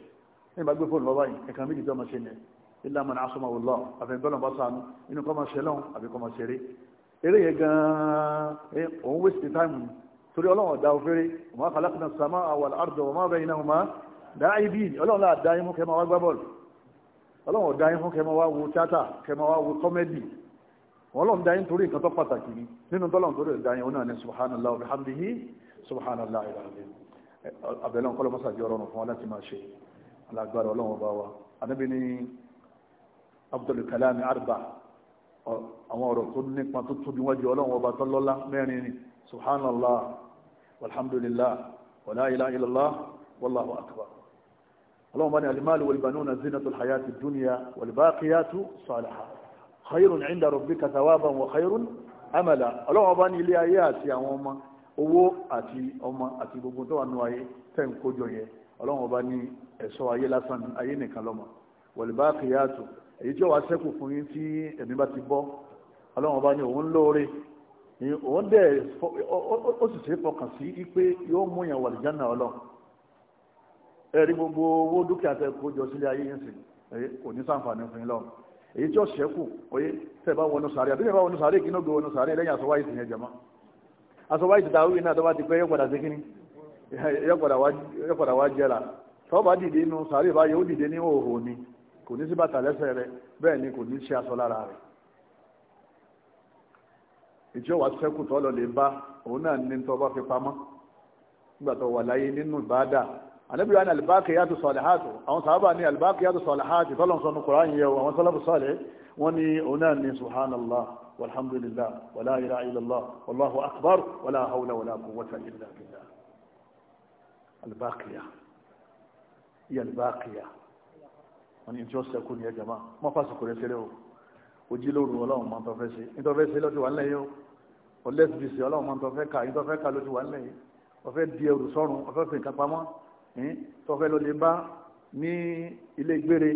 ní bá gbé fóònù lọ́wọ́ yìí ẹ̀kan méjì tó máa ṣe yẹn ilé àmọ́ náà sọmọ wòlọ́ àfẹ́gbọ́nà bá sànú inú kọ́ máa ṣẹlẹ̀ àbí kọ́ máa ṣeré eré yẹn gan-an eh, òun wéṣìtì táìmù torí ọlọ́run ọ̀dà òféré ọmọ àkàlákùnà sàmà àwọn àrùdọ̀ ọmọ abẹ́yìn náà máa dá ibi ọlọ́run náà dá yín fún kẹ́ máa wá gbá bọ́ọ̀lù ọlọ́run ọ̀dá yín fún kẹ́ máa torí nǹkan tó pàtàkì ni nínú tọ́lọ́run torí ọ̀dá yín onáà ní subhanallah wa subhanallah ilaahi abẹ́lẹ́ ọ̀kọ́lọ́mọ́sàdì ọ̀rọ̀ ọ̀run láti máa ṣe lágbára ọlọ́run bá wa anábì ní abdul kalami arba àwọn ọ̀rọ̀ tó nípa tó tóbi wájú ọlọ́run ọba tó lọ́lá mẹ́rin ni subhanallah walhamdulillah wala ilaha illallah wallahu akbar ọlọ́run bá ní alimalu walbanuna zinatul hayati dunya walbaqiyatu salihah khayrun inda rabbika thawaban wa khayrun amala ọlọ́run bá ní ilé ayé àti àwọn ọmọ owó àti ọmọ àti gbogbo tó wà nù ayé tẹ́ ń kójọ yẹn ọlọ́run bá ní ẹ̀sọ́ ayé lásán ni ayé nìkan lọ́mọ wọ̀lùbá kìyàtò èyí tí ó wá sẹ́kù fún yín tí ẹ̀mí bá ti bọ́ ọlọ́run ọba ni òun lóore òun dẹ̀ ó sì ṣe fọkàn sí pé yóò mú yàn wàlìjánà ọlọ́run ẹ̀rí gbogbo owó dúkìá tẹ kó jọ sílé ayé yín sí kò ní sàǹfààní fún yín lọ́run èyí tí ó ṣẹ́kù oyé tẹ́ bá wọnú sàárè àbí tẹ́ bá wọnú sàárè kí ní ògbé wọnú sàárè lẹ́yìn aṣọ wáyé tìyẹn jẹmọ́ aṣọ wáyé tìta wíwí náà tó bá ti pẹ́ yọ́pàdà sí kíní yọ́pàdà wá jẹ́ra tọ́ba dìde inú sàárè báyìí ó dìde ní òhò ni kò ní sí bàtà lẹ́sẹ̀ rẹ̀ bẹ́ẹ̀ ni kò ní ṣe aṣọ lára rẹ̀ ìjọ wa sẹ́kù tọ́lọ lè bá òun náà ní tọ́ bá fi pamọ́ nígbà tó wà láyé nínú ìbáadà ànábìrì àwọn albáàkì yàtọ̀ sọ̀lẹ̀hàtì àwọn sàábà ní albáàkì yàtọ̀ sọ̀lẹ̀hàtì tọ́lọ̀ sọ́nu kùrán yẹ àwọn sọ́lọ́bù sọ́lẹ̀ wọ́n ní òun náà ní subhanallah walhamdulillah wàlá ilá ilàlá wallahu akbar wàlá haula wàlá quwwata illa billah yàtọ̀ yalbaqiya wọn ni tí ó sẹ́kù ní ẹjọ́ máa mọ́ fásitì rẹ̀ ṣeré o ojí lóru ọlọ́run máa ń tọ́fẹ́ ṣe nítọ́fẹ́ ṣe lọ́ti wà ń lẹ́yìn o ọlẹ́sibìsì ọlọ́run máa ń tọ́fẹ́ ka nítọ́fẹ́ ka lọ́ti wà ń lẹ́yìn ọfẹ́ di ẹrù sọ́run ọfẹ́ fi nǹkan pamọ́ tọ́fẹ́ ló lè bá ní ilé gbére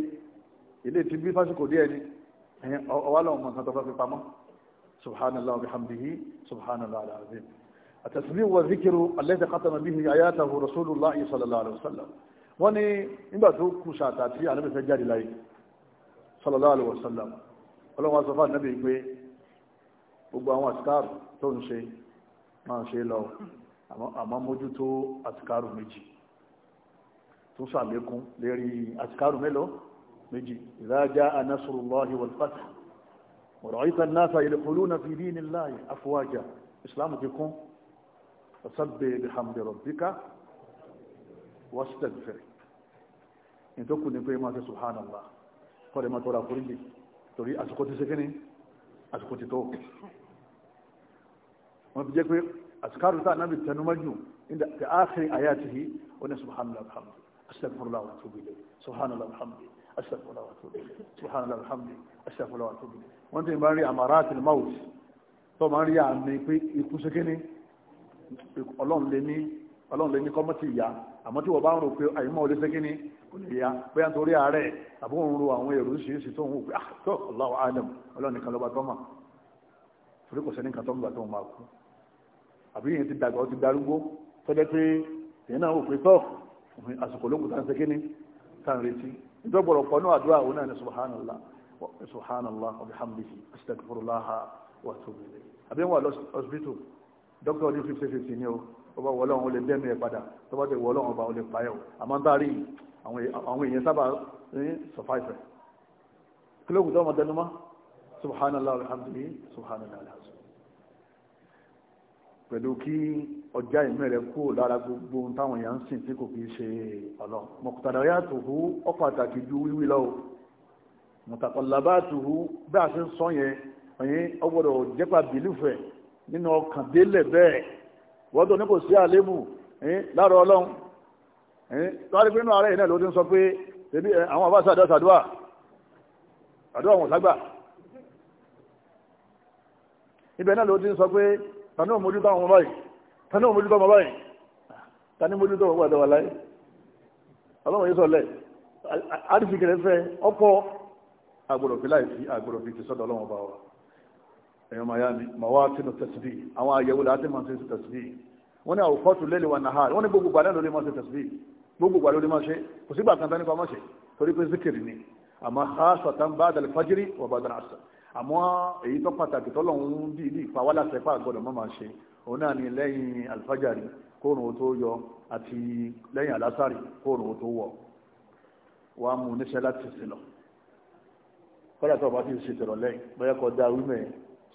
ilé tí bí fásitì kò díẹ̀ ni ọwọ́ ọlọ́run máa ń tọ́fẹ́ fi pamọ́ subhanallah wa bihamdihi subhanallah al-azim التسبيح والذكر الذي ختم به آياته رسول الله صلى الله عليه وسلم wọ́n ní nígbà tó kù sàtà tí ànábì fẹ́ jáde láyé sallallahu alaihi wasallam ọlọ́wọ́n sọ fún ànábì pé gbogbo àwọn àtikáàrù tó ń ṣe máa ń ṣe lọ àmọ́ mójútó àtikáàrù méjì tó sàlékún lérí àtikáàrù mélòó méjì idha jaa nasrullahi wal fath wa ra'aita an-nasa yadkhuluna fi ìtòkù ní pé máa ṣe subhanallah kọ́dẹ̀ máa tọ́ra kúrìjì torí àsìkò ti ṣe kí ni àsìkò ti tó wọ́n fi jẹ́ pé àsìkárù tá náà bí tẹnumọ́jù ní àáfin àyàtìhì ó ní subhanallah alhamdu astaghfirullah wa atubu ilayh subhanallah alhamdu astaghfirullah wa atubu ilayh subhanallah alhamdu astaghfirullah wa atubu ilayh wọ́n ti máa rí amaratil maut ní kọ́mọ́tì ìyá àmọ́ tí wọ́n bá ń rò pé àyímọ́ olè ṣe kíní kò lè ya bóyá torí ààrẹ àbó òun ro àwọn èrò oríṣiríṣi tó ń wò pé ah tó Allahu alam ọlọ́run nìkan lọ́ba tó mà torí kò sẹ́ni kan tó ń gbà tó ń máa kú àbí yẹn ti dàgbà ó ti darúgbó tọ́jẹ́ pé èyí náà wò pé tọ́ àsìkò lókùn tá ń ṣe kíní tá ń retí ìdọ́gbọ̀rọ̀ pọ̀ náà àdúrà òun náà ni subhanallah subhanallah tọba wọ ọlọ́run ó lè dẹ́nu ẹ̀ padà tọba tẹ wọ ọlọ́run ọba ó lè payọ̀ àmọ́ ń dárí àwọn èèyàn sábà ní sọfáìfẹ́ kílógún tó ọmọ dẹnumọ́ subhanallah alhamdulilayi subhanallah alhamdulilayi pẹ̀lú kí ọjà ìmẹ̀rẹ̀ kú lára gbogbo táwọn èèyàn ń sìn tí kò kí ṣe ọlọ́ mọ̀kútàdáyà tòhú ọ pàtàkì ju wíwí lọ mọ̀tàkọ̀lábà tòhú bá a ṣe ń sọ yẹn ọ̀yìn ọgbọ́dọ̀ jẹ́pà bìlífẹ̀ nínú ọkàn délẹ̀ bẹ́ẹ̀ wọ́n tó ní kò sí àlébù lára ọlọ́run tọ́lá pé inú ara yìí náà ló ti ń sọ pé ebi àwọn àbá sàdúrà sàdúrà àdúrà wọn lágbà ibẹ̀ náà ló ti ń sọ pé tani ò mójútó àwọn ọmọ báyìí tani ò mójútó ọmọ báyìí tani mójútó ọmọ gbàdọ̀ wà láyé ọlọ́run yìí sọlẹ̀ àrífikẹ̀rẹ̀ fẹ́ ọ̀pọ̀ àgbọ̀dọ̀ fi láì sí àgbọ̀dọ̀ fi ti sọ́dọ̀ ọlọ́run bá wa ẹ̀yàn miami mọ̀wá tí lọ tẹ̀síbí àwọn àyẹ̀wò láti máa ń ṣe tẹ̀síbí wọ́n ní àwòkọ́tù lẹ́lẹ̀ wà náà wọ́n ní gbogbo gbà lẹ́nu lè máa ṣe tẹ̀síbí gbogbo gbà lórí máa ṣe kò sígbà kan tán nípa máa ṣe torí pé zikiri ni àmọ́ haasa tán bá dàlẹ́ fajiri wà bá dàlẹ́ àṣà àmọ́ èyí tó pàtàkì tọ́lọ̀ ń bí ilé ìpawálà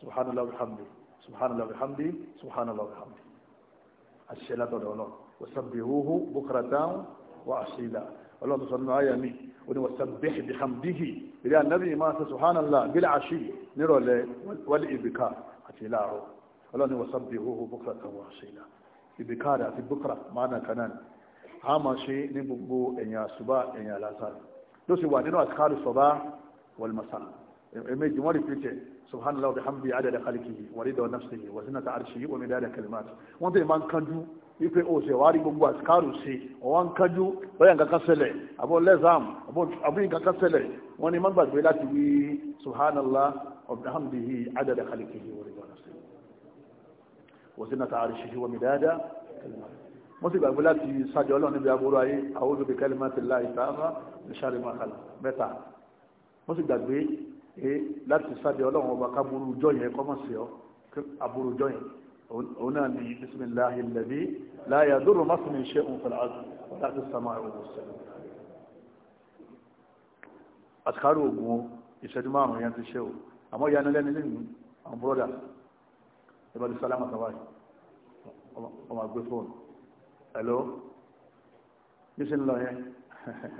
subhanallah alhamdi subhanallah alhamdi subhanallah alhamdi àṣìṣe látọ̀dọ̀ ọlọ́run wasabbihuhu bukratan wa asila ọlọ́run tó sọ nínú àyà mi ó ní wasabbih bihamdihi ilé anabi máa ṣe subhanallah bil ashi nírọ̀lẹ́ wal ibika àti láàárọ̀ ọlọ́run ní wasabbihuhu bukratan wa asila ibika àti bukra mánà kanáà a máa ṣe ní gbogbo ẹ̀yìn àṣùbá ẹ̀yìn àlásàrì ló sì wà nínú àtikárù sọ̀bá wal masa ẹ̀mẹ́jì wọ́n rí subhana allah bihamdi adada khalqihi wa rida nafsihi wa zinata arshihi wa midada kalimat wọ́n te man kanju ipe o se wari gbogbo askaru se o wan kanju bayan ka kasele abo lezam abo abin ka kasele wọ́n ní man gbàgbé láti wí subhana allah wa bihamdihi adada khalqihi wa rida nafsihi wa zinata arshihi wa midada kalimat mo sì gbàgbé láti sájọ ọlọ́run níbi aburú ayé àwọn olùdókè kalimatillahi ta'ala ní sáré máa kàlà mẹ́ta mo sì gbàgbé láti sáde ọlọ́run ọba kábúrú ọjọ́ yẹn kọ́mọ̀sí ọ aburú ọjọ́ yẹn òun náà ní bisimilahi lẹ́bí láyà dúró má sinmi ṣe òun fẹ́lá láti sàmà òun sẹ́lẹ̀. àtikárò ogun ìṣẹ́jú márùn-ún yẹn ti ṣe o àmọ́ ìyá nílẹ̀ nílẹ̀ ní àwọn búrọ́dà ìbádi sálámà tàwáì ọmọ àgbé fóònù hello níṣẹ́ ń lọ yẹn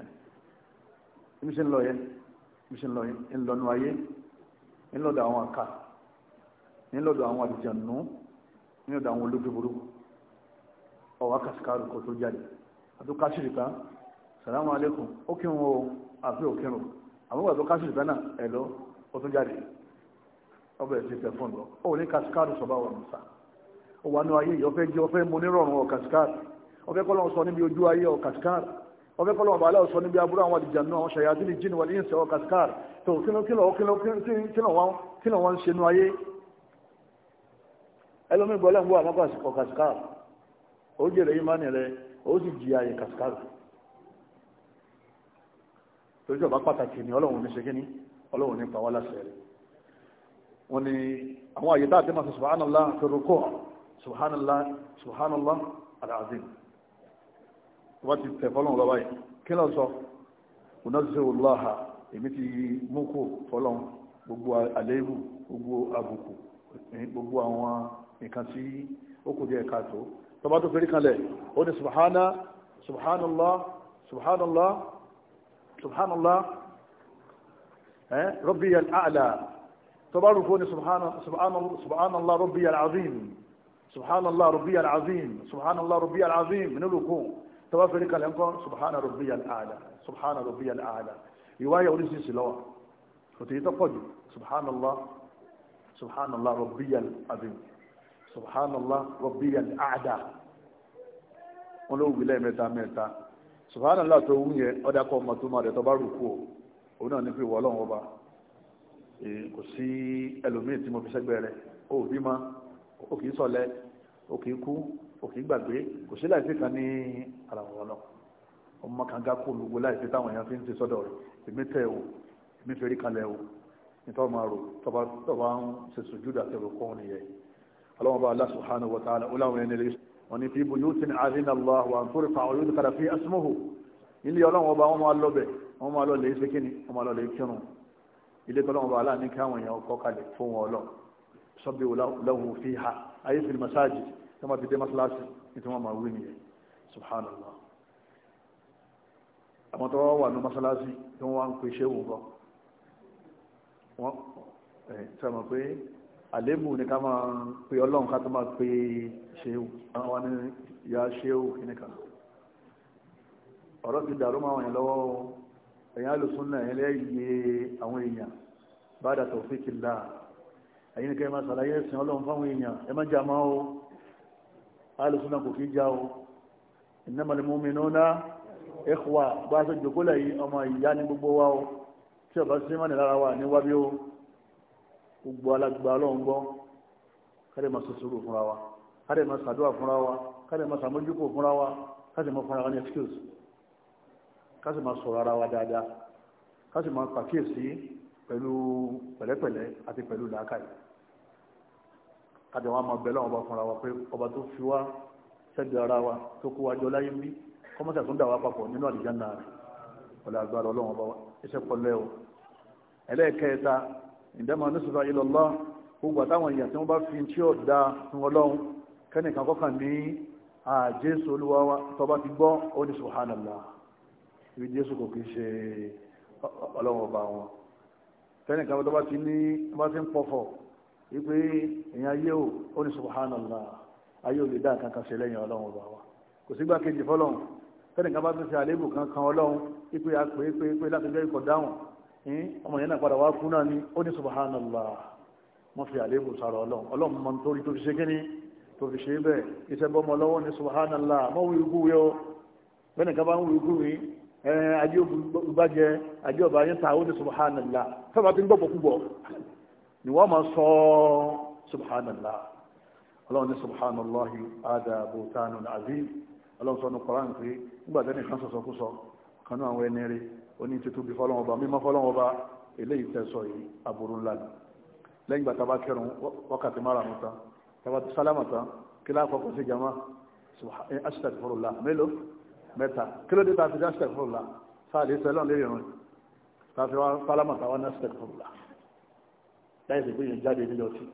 níṣẹ́ ń lọ yẹn bí ṣe ń lọ́nu ayé ńlọ́dọ̀ àwọn àkà ńlọ́dọ̀ àwọn àdìjànú ńlọ́dọ̀ àwọn olójú burúkú ọwọ́ kàṣíkàrù kò tó jáde àti káṣìrìká sàlámù alẹ́kùn ó kí wọn àfi òkèrùn àwọn ìgbà tó káṣìrìká náà ẹ̀lọ́ ó tún jáde ọbẹ̀ ti tẹ̀ fún lọ ó ní kàṣíkàrù sọ̀bá wà nùsà ó wà nù ayé yìí ọfẹ́ jẹ́ ọfẹ́ mo nírọ̀rùn ọ̀ kàṣíkàrù ọfẹ́ kọ́ ọbẹ̀ kọ́lọ́ ọba aláwọ̀ sọ níbi aburú àwọn àdìjànú àwọn ṣàyàdí ní jíni wàlíyìn sẹ́wọ́ kaskar tó kílọ̀ wọn ṣe nú ayé ẹlòmí gbọ́lẹ̀ ń bọ́ àmọ́kọ̀ ó jèrè yín mánì rẹ ó sì jìyà yẹ kaskar torí ọba pàtàkì ni ọlọ́run ní ṣe kíní ọlọ́run ní pàwọ́ láṣẹ rẹ wọn ni àwọn àyè àti tó bá ti tẹ̀ fọ́lọ́n lọ́wọ́ yìí kí ló sọ ọ̀nà ṣe wò láha èmi ti mú kó fọ́lọ́n gbogbo àléébù gbogbo àbùkù eh, gbogbo àwọn nǹkan tí ó kù díẹ̀ káàtó tó bá tó fẹ́rí kalẹ̀ ó ní subhana subhanallah subhanallah subhanallah eh rabbiyal a'la rúfó ní subhanallah rabbiyal azim subhanallah rabbiyal azim subhanallah rabbiyal azim nínú kó tọ́wọ́ fẹ́rẹ́ kalẹ̀ ńkọ́ subhana rabbiyal aala subhana rabbiyal aala ìwáyà oríṣiríṣi lọ́wọ́ òtún yìí tọ́pọ̀ jù subhanallah subhanallah rabbiyal azim subhanallah rabbiyal aala wọn ló wulẹ̀ mẹ́ta mẹ́ta subhanallah tó wù yẹn ọ̀dà kọ́ ọmọ tó máa rẹ̀ tó bá rúkú o òun náà ní fi wọ́ ọlọ́run ọba kò sí ẹlòmíì tí mo fi sẹ́gbẹ́ rẹ̀ ó ma ó kì í sọ̀lẹ̀ ó kì í òkè gbàgbé kò sí láìsí kan ní ara wọn lọ ọmọ kan gá kó olùgbò láìsí táwọn èèyàn fi ń ti sọ́dọ̀ rẹ̀ èmi tẹ̀ o èmi fẹ́rí kalẹ̀ o nítorí máa rò tọba tọba ń ṣe sùjúdù àti ẹ̀rọ kọ́ nìyẹn ọlọ́wọ́n bá Allah subhanahu wa ta'ala ó láwọn ẹni lè wọ́n ní fi buyutin azina Allah wa turfa oyún kára fi asmuhu ilé ọlọ́wọ́n bá wọ́n máa lọ bẹ̀ wọ́n máa lọ lè ṣe kíni wọ́n máa lọ lè kírun ilé tọ́lọ́wọ́n bá aláàní káwọn èèyàn kọ́ kalẹ̀ fún wọn lọ sọ́bí lahu fiha ayé fil masajid tí wọ́n ti dé mọ́sálásí ní tí wọ́n máa wí nìyẹn subhanallah àwọn tó wà ní mọ́sálásí tí wọ́n wá ń pè ṣé wù gan wọ́n sọ̀rọ̀ pé àlébù ní ká máa pe ọlọ́run ká tó máa pe ṣéwù àwọn ní ya ṣéwù nìkan ọ̀rọ̀ ti dàrú máa wọ̀nyẹn lọ́wọ́ ẹ̀yìn alùsúnnà ẹ̀yìn lẹ́yẹ àwọn èèyàn bá dàtọ̀ fíkìlá ẹ̀yìn kẹ́ máa sàlàyé ẹ̀sìn ọlọ́run fáwọn èèyàn ẹ má jà máa ó alùsùnà kò fi já o innamal mu'minuna ikhwa bá a sọ jòkólẹ̀ yìí ọmọ ìyá ní gbogbo wa o tí ọba sí mọ́ni lára wa ní wábí o gbogbo alágbà ọlọ́run gbọ́ káde máa sọ sùúrù fúnra wa káde máa sàdúrà fúnra wa káde máa sàmójúkò fúnra wa káde máa fúnra wa ní excuse káde máa sọ̀rọ̀ ara wa dáadáa káde máa pàkíyèsí pẹ̀lú pẹ̀lẹ́pẹ̀lẹ́ àti pẹ̀lú làákàyè kájọ wọn máa bẹ̀lọ́ ọba fúnra wa pé ọba tó fi wá sẹ́gbẹ̀ ara wa tó kó wájọ láyé ń bí kọ́mọ́sà tó ń dà wá papọ̀ nínú àlùjánnà rẹ̀ ọ̀là agbára ọlọ́run ọba iṣẹ́ pọ̀lẹ́ o ẹlẹ́ẹ̀kẹta ìdẹ́mọ̀ nísìsọ ilọ̀lọ́ gbogbo àtàwọn èèyàn tí wọ́n bá fi tí ó da fún ọlọ́run kẹ́nìkan kọ́kàn ní àjẹsù olúwa wa tó bá ti gbọ́ ó ní subhanallah ibi jésù kò kìí ṣe ọlọ́run ọba wọn kẹ́nìkan tó bá ti ní bá ti ń pọ̀fọ̀ wípé èèyàn ayé o ó ní subhanallah ayé ò lè dá nǹkan kan ṣe lẹ́yìn ọlọ́run ọba wa kò sígbà kejì fọlọ́run tẹ́nìkan bá tún ṣe àléébù kankan ọlọ́run wípé a pè é pé pé láti jẹ́ ikọ̀ dáhùn ọmọ yẹn náà padà wá kú náà ni ó ní subhanallah wọ́n fi àléébù sára ọlọ́run ọlọ́run mọ nítorí tó fi ṣe kíní tó fi ṣe bẹ́ẹ̀ iṣẹ́ bọ́mọ lọ́wọ́ ní subhanallah mọ́ wí ikú yọ tẹ́nìkan bá ń wí ikú yìí ajé ògbàjẹ ajé ọba yẹn ta ó ní subhanallah sábà ti ń gbọ́ ni wọ́n máa sọ subhanallah ọlọ́run ní subhanallah ada botanu azeem ọlọ́run sọ ní koran pé nígbàtẹ́ nìkan sọ̀sọ̀ kú sọ kanú àwọn ẹni rí oní títún bí fọ́lọ́wọ́ bá mímọ́ fọ́lọ́wọ́ bá eléyìí tẹ́sọ̀ yìí aburú ńlá ni lẹ́yìn gbàtà bá kẹrùn wákàtí márùn-ún tán tàbá sálámà tán kí láàkọ́kọ́ sí jama eh, astaghfirullah mélòó mẹ́ta kí ló dé tàbí astaghfirullah sáà lè sẹ́lọ̀ lè rìn tàbí sálámà tàwọn astaghfirullah láì sì pé èèyàn jáde nílọ sí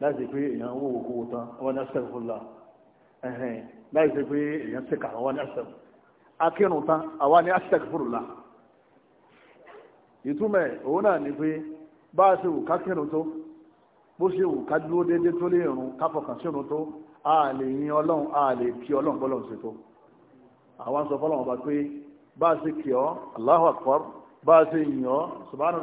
láì sì pé èèyàn ń wòwò kówó tán wọn ní ẹsẹ̀ fún la láì sì pé èèyàn ṣe kà wọn ní ẹsẹ̀ akírun tán àwa ní ẹsẹ̀ fún la ìtumọ̀ òun náà ni pé bá a ṣe wù ká kírun tó bó ṣe wù ká dúró déédé tó lè rún ká fọkàn sírun tó a lè yin ọlọ́run a lè kí ọlọ́run bọ́lọ̀ ṣe tó àwọn sọ fọlọ́run ọba pé bá a ṣe kí ọ Allahu Akbar bá a ṣe yìn ọ subhanahu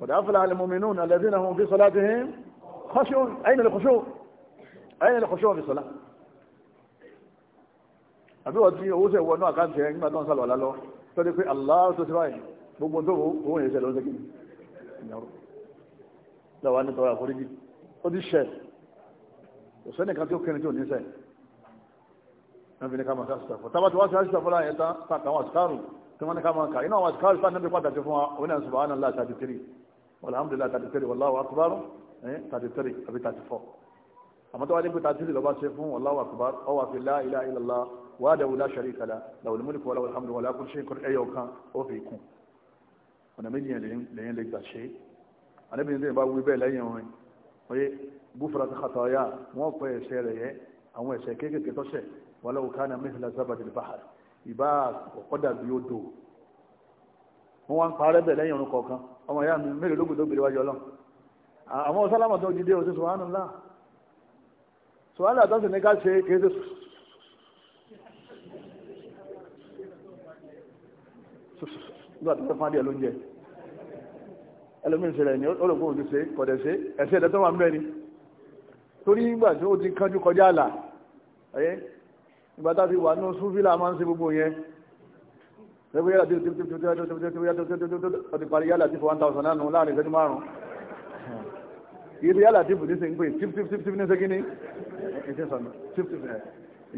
قد أفلح المؤمنون الذين هم في صلاتهم خشوع أين الخشوع أين الخشوع في الصلاة àbí wọ́n ti owó sẹ̀ wọnú àkáǹtì ẹ̀ nígbà tó ń sálọ̀ lálọ́ tó dé pé aláà tó ti báyìí gbogbo tó owó yẹn sẹ̀lọ́ sẹ́kì ìyàwó lọ́wọ́ ní tọrọ àforíjì ó ti ṣẹ̀ kò sẹ́ni kan tí ó kẹrin tí ò ní sẹ̀ náà fi ní ká máa sáà sàfọ́ tábà tí wọ́n sáà sàfọ́ láyẹn tán pàtàkì àwọn àsìkárù tí wọ́n ní ká máa kà iná àwọn àsìkárù sáà níbi pàtàkì fún wa òun náà sùbà alhamdulilayi thirty three wallahu akbar eh, thirty three àbí thirty four àmọ́ tó wá dé pé thirty three lọ́ba ṣe fún wallahu akbar ọwọ́ àfi la ilaha illallah wahdahu la sharika lahu lahul mulku wa lahul hamdu wa la kulli shay'in ẹyọ kan ó fi kún ọ̀nà méjì yẹn lèyìn lè gbà ṣe àlébìnrin tó yẹn bá wí bẹ́ẹ̀ lẹ́yìn orin oye búfara ti xatọ́ya wọ́n pẹ́ ẹ̀ṣẹ̀ rẹ̀ yẹ àwọn ẹ̀ṣẹ̀ kéékèèké tọ́ṣẹ̀ walau kana mithla zabadil bahar ìbá ọ̀kọ́dà bí ó do wọ́n wá ń parẹ́ bẹ́ẹ̀ lẹ́yìn orin kọ̀ọ̀kan ọmọ ìyá mi mélòó lókùn tó gbèrè wájú ọlọ́run àwọn sálámà tó dìde òsì sùwánù ńlá sùwánù àtọ́sí ní ká ṣe kéde nígbà tó fún adìẹ lóúnjẹ ẹlòmíín ṣe rẹ̀ ní olùkọ́ òdì ṣe kọ̀dẹ̀ ṣe ẹ̀ṣẹ̀ ẹ̀dẹ̀ tó wà ń bẹ̀ ni torí nígbà tí ó ti kánjú kọjá àlà ẹ̀yẹ́ ìgbà tá a ti wà ní sùfìlà máa ń ṣe gbogbo yẹn ẹgbẹ́ yàrá tí ó ti parí yàrá tí fún 1000 náà nù láàrin ìṣẹ́jú márùn-ún ìdí yàrá tí fún ní sí ń pè típ ní ṣe kíní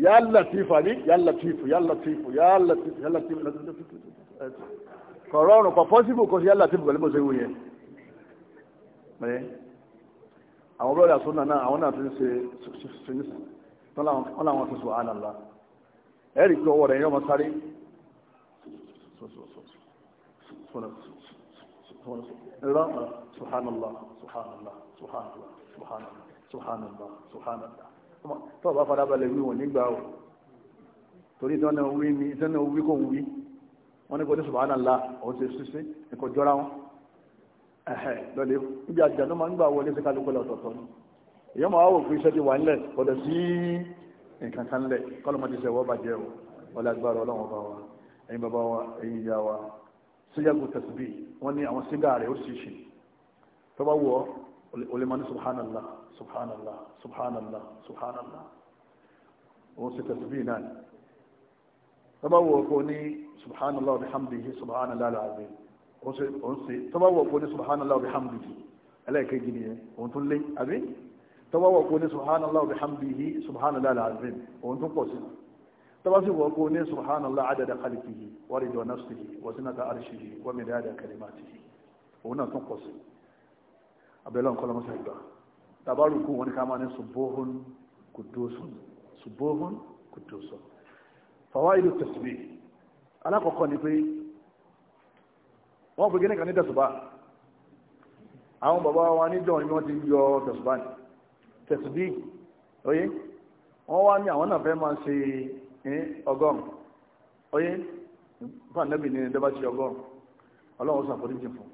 yàrá tí fà ní yàrá tí fù yàrá tí fù yàrá tí fù yàrá tí fù kọ̀rọ̀ ọ̀rùn kọ̀ pọ́síbù kọ̀ sí yàrá tí fù pẹ̀lú bó ṣe wù yẹn àwọn bọ́ọ̀lù àsúnà náà àwọn náà ti rama subhanallah subhanallah subhanallah subhanallah subhanallah subhanallah tó o bá fara balẹ̀ wí wọ̀n nígbà o torí ìdáná wí ni ìdáná wí kò wí wọ́n ní kò ní subhanallah ọ̀hún ṣe ṣíṣe ní kò jọra wọn lọ́lẹ̀ níbi àjàdó máa ń gbà wọlé sí kálukú lọ tọ̀tọ̀ ni èyàn máa wò pé iṣẹ́ ti wà ńlẹ̀ kọ̀dọ̀ sí nǹkan kan lẹ̀ kọ́lọ́mọdé ṣẹ̀wọ́ bàjẹ́ o ọlá agbára ọlọ́run bá wa ẹ̀yin bàbá wa ẹ̀yin ìyá wa síyàgò tẹ̀síbì wọ́n ní àwọn sígá rẹ̀ oríṣiríṣi tó bá wọ̀ olemani subhanallah subhanallah subhanallah subhanallah òun sì tẹ̀síbì náà ni tó bá wọ̀ kó ní subhanallah wa bihamdihi subhanallah alazim òun sì tó bá wọ̀ kó ní subhanallah wa bihamdihi ẹlẹ́ẹ̀kejì nìyẹn òun tún lé àbí tó bá wọ̀ kó ní subhanallah wa bihamdihi subhanallah alazim òun tún pọ̀ sí i tọ́wọ́sí wọ́n kó ní subhanallah adada khalqihi wa ridwa nafsihi wa zinata arshihi wa midada kalimatihi òun náà tún pọ̀ sí abẹ́lẹ́ nǹkan lọ́mọ́sá ìgbà tabaruku wọn ká máa ní subuhun kudusun subuhun kudusun fawaidu tasbih alákọ̀ọ́kọ́ ni pé wọ́n fi gíníkà ní tẹ̀sùbá àwọn bàbá wa níjọ́ ni wọ́n ti yọ tẹ̀sùbá ní tẹ̀sùbí wọ́n wá ní àwọn náà fẹ́ máa ṣe ọgọ́rùn oyé fún ànábì ní ẹ̀dá bá ṣe ọgọ́rùn ọlọ́run sọ àforíjì fún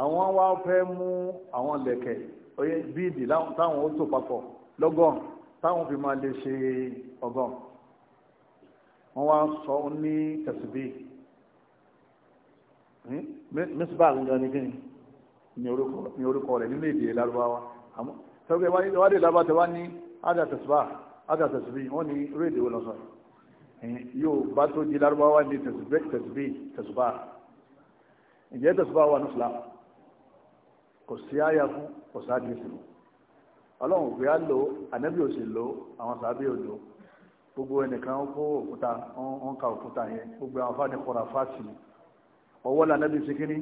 àwọn wá fẹ́ mú àwọn lẹ̀kẹ̀ oyé bíìdì táwọn ó tò papọ̀ lọ́gọ́rùn táwọn fi máa lè ṣe ọgọ́rùn wọ́n wá sọ ní tẹ̀síbí mísíbà hmm? gangan ní kíni ní orúkọ rẹ̀ nínú èdè lárúbáwá tẹ́gbẹ́ wá dé lábàtẹ́ wá ní ádà tẹ̀síbà ádà tẹ̀síbí wọ́n ní rédíò lọ́sọ̀rọ̀ Eh, yóò bá tó di lárúbáwá ní tẹ̀sùbí tẹ̀sùbá ìjẹ́ tẹ̀sùbá wà ní islam kò sí àyà fún kò sáájú sí ọlọ́run òfin á lò ànábì òsì lò àwọn sàábì òdò gbogbo ẹnìkan ó kó òkúta ó ń ka òkúta yẹn gbogbo àwọn afáàní kọra fáàsì ni ọwọ́ lànàbì sí kínní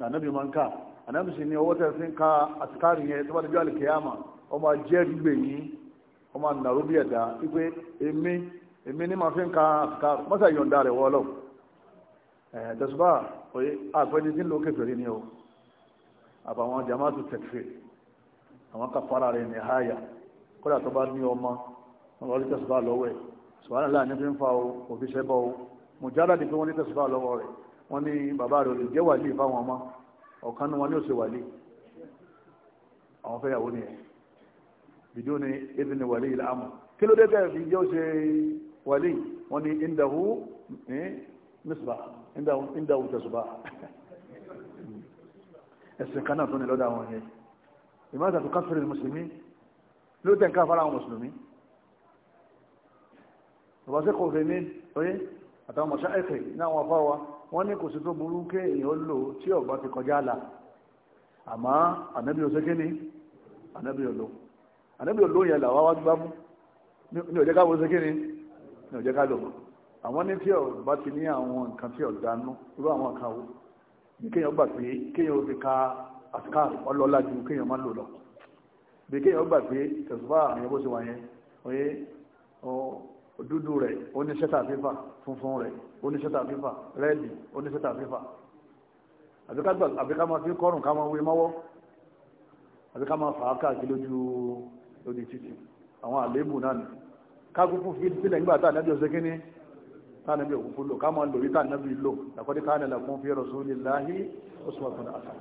lànàbì máa ń kà ànábì sí ni ọwọ́ tẹ̀sí ń ka àtikárì yẹn tó bá dẹjọ́ àlùkìyàmà ọmọ ajẹ́rìí gbè yín ọmọ ànàró bí ẹ̀dá wípé èmi èmi ní màá fi ń ka àfikà mọ́sà yọ̀ǹda rẹ̀ wọ́ ọlọ́run ẹ̀ tẹ̀sùbà òye àpẹẹrẹ tí ń lo kẹfẹ́rẹ́ ni o àbàwọn jamaatu tẹ̀fẹ́ àwọn kàfàrà rẹ̀ ní háyà kódà tó bá ní ọmọ wọn lọ rí tẹ̀sùbà lọ́wọ́ ẹ̀ sùwárà láà ní fi ń fa o kò fi ṣẹ́ bọ́ o mo jára di pé wọ́n ní tẹ̀sùbà lọ́wọ́ rẹ̀ wọ́n ní bàbá rẹ̀ olè jẹ́ wàlíì fáwọn ọmọ ọ̀kan ní wọn ní òṣè wàlíì àwọn fẹ́yàwó ni ẹ̀ bìdó ni wali wọ́n ní indahu eh, misbah indahu tasbah ẹ̀sìn kan náà tó ní lọ́dọ̀ àwọn yẹn ìmọ̀ta tó káfíìrì mùsùlùmí ló tẹ̀ ń ká fara àwọn mùsùlùmí bàbá sí kò fèmí oyé àtàwọn mọ̀ṣá ẹ̀fẹ̀ náà wọ́n fá wa wọ́n ní kò sí tó burú ké èèyàn lò tí ọ̀gbọ́n ti kọjá là àmọ́ ànábì ò sékè ànábì ò ànábì ò yẹn là wá wá gbámú ní òjẹ́ káwọn sékè ní ní ọjọ́ ká lò mọ́ àwọn ní tí ọ̀ bá ti ní àwọn nǹkan tí ọ̀ dánú irú àwọn nǹkan wo ní kéèyàn gbà pé kéèyàn fi ka àtikáà ọlọ́lá ju kéèyàn máa lò lọ bí kéèyàn gbà pé tẹ̀sùfà àyẹ̀ bó ṣe wà yẹn oye dúdú rẹ̀ oníṣẹ́ta fífà funfun rẹ̀ oníṣẹ́ta fífà rẹ́ẹ̀dì oníṣẹ́ta fífà àbí ká máa fi kọ́rùn ká máa wé mọ́wọ́ àbí ká máa fà á káàkiri lójú lójú títì àwọn àléébù náà nìyí kágúkú fi sílẹ̀ nígbà tá ànábì ọ̀sẹ̀ kínní tá ànábì òkúkú lò ká máa lò rí tá ànábì lò làkọ́dé ká nílẹ̀ fún fi rasulillahi uswatun hasana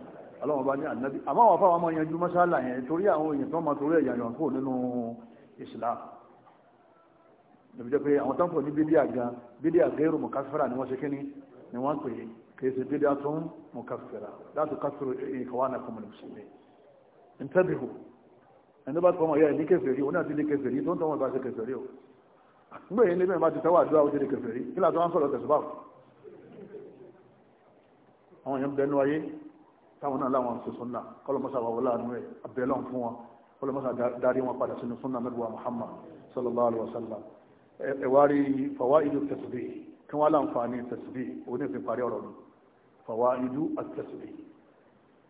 ọlọ́run bá ní ànábì àmọ́ àwọn afáwọn máa yanjú mọ́sálà yẹn torí àwọn èèyàn tó máa torí ẹ̀yà yàn kó nínú Islam lóbi jẹ́ pé àwọn tó ń pè ní bídíà gan bídíà gairu mukaffira ni wọ́n ṣe kínní ni wọ́n pè é kèsì bídíà tó ń mukaffira la tukaffiru ikhwanakum ẹni tó bá tọmọ ìyá ẹ̀ ní kèfèrí òun náà ti di kèfèrí tó ń tọmọ ìbá ṣe kèfèrí o nígbà yẹn níbẹ̀ máa ti tẹ́wọ́ àdúrà ó ti di kèfèrí kí làtọ́ wá ń sọ̀rọ̀ tẹ̀sùbáwò àwọn èèyàn bẹnu ayé táwọn náà láwọn ṣe sunna kọlọmọsà wà wọlé àánú ẹ abẹ́lọ́ fún wọn kọlọmọsà darí wọn padà sínú sunna mẹ́lúwa Muhammad sallallahu alaihi wa sallam